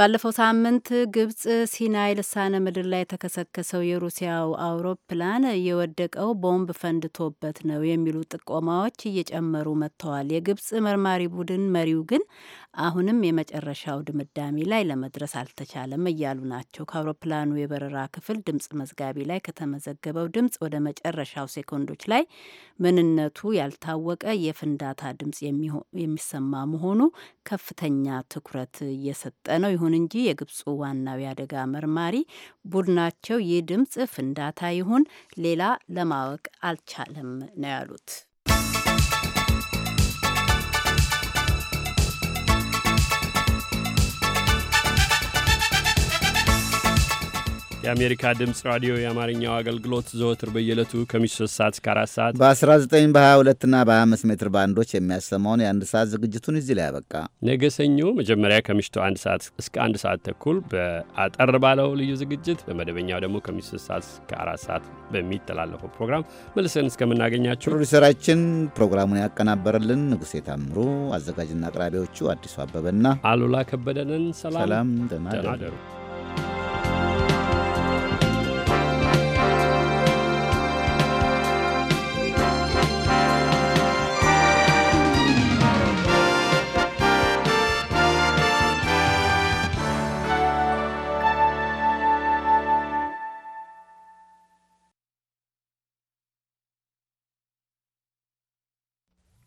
ባለፈው ሳምንት ግብጽ ሲናይ ልሳነ ምድር ላይ የተከሰከሰው የሩሲያው አውሮፕላን የወደቀው ቦምብ ፈንድቶበት ነው የሚሉ ጥቆማዎች እየጨመሩ መጥተዋል። የግብጽ መርማሪ ቡድን መሪው ግን አሁንም የመጨረሻው ድምዳሜ ላይ ለመድረስ አልተቻለም እያሉ ናቸው። ከአውሮፕላኑ የበረራ ክፍል ድምጽ መዝጋቢ ላይ ከተመዘገበው ድምጽ ወደ መጨረሻው ሴኮንዶች ላይ ምንነቱ ያልታወቀ የፍንዳታ ድምጽ የሚሰማ መሆኑ ከፍተኛ ትኩረት እየሰጠ ነው። ይሁን እንጂ የግብፁ ዋናው የአደጋ መርማሪ ቡድናቸው ይህ ድምፅ ፍንዳታ ይሁን ሌላ ለማወቅ አልቻለም ነው ያሉት።
የአሜሪካ ድምፅ ራዲዮ የአማርኛው አገልግሎት ዘወትር በየዕለቱ ከምሽቱ 3 ሰዓት እስከ 4 ሰዓት
በ19 በ22 እና በ25 ሜትር ባንዶች የሚያሰማውን የአንድ ሰዓት ዝግጅቱን እዚህ ላይ ያበቃ።
ነገ ሰኞ መጀመሪያ ከምሽቱ አንድ ሰዓት እስከ አንድ ሰዓት ተኩል በአጠር ባለው ልዩ ዝግጅት፣ በመደበኛው ደግሞ ከምሽቱ 3 ሰዓት እስከ 4 ሰዓት በሚተላለፈው ፕሮግራም መልሰን እስከምናገኛቸው
ፕሮዲሰራችን ፕሮግራሙን ያቀናበረልን ንጉሴ ታምሩ፣ አዘጋጅና አቅራቢዎቹ አዲሱ አበበና
አሉላ ከበደንን ሰላም ደህና ደሩ።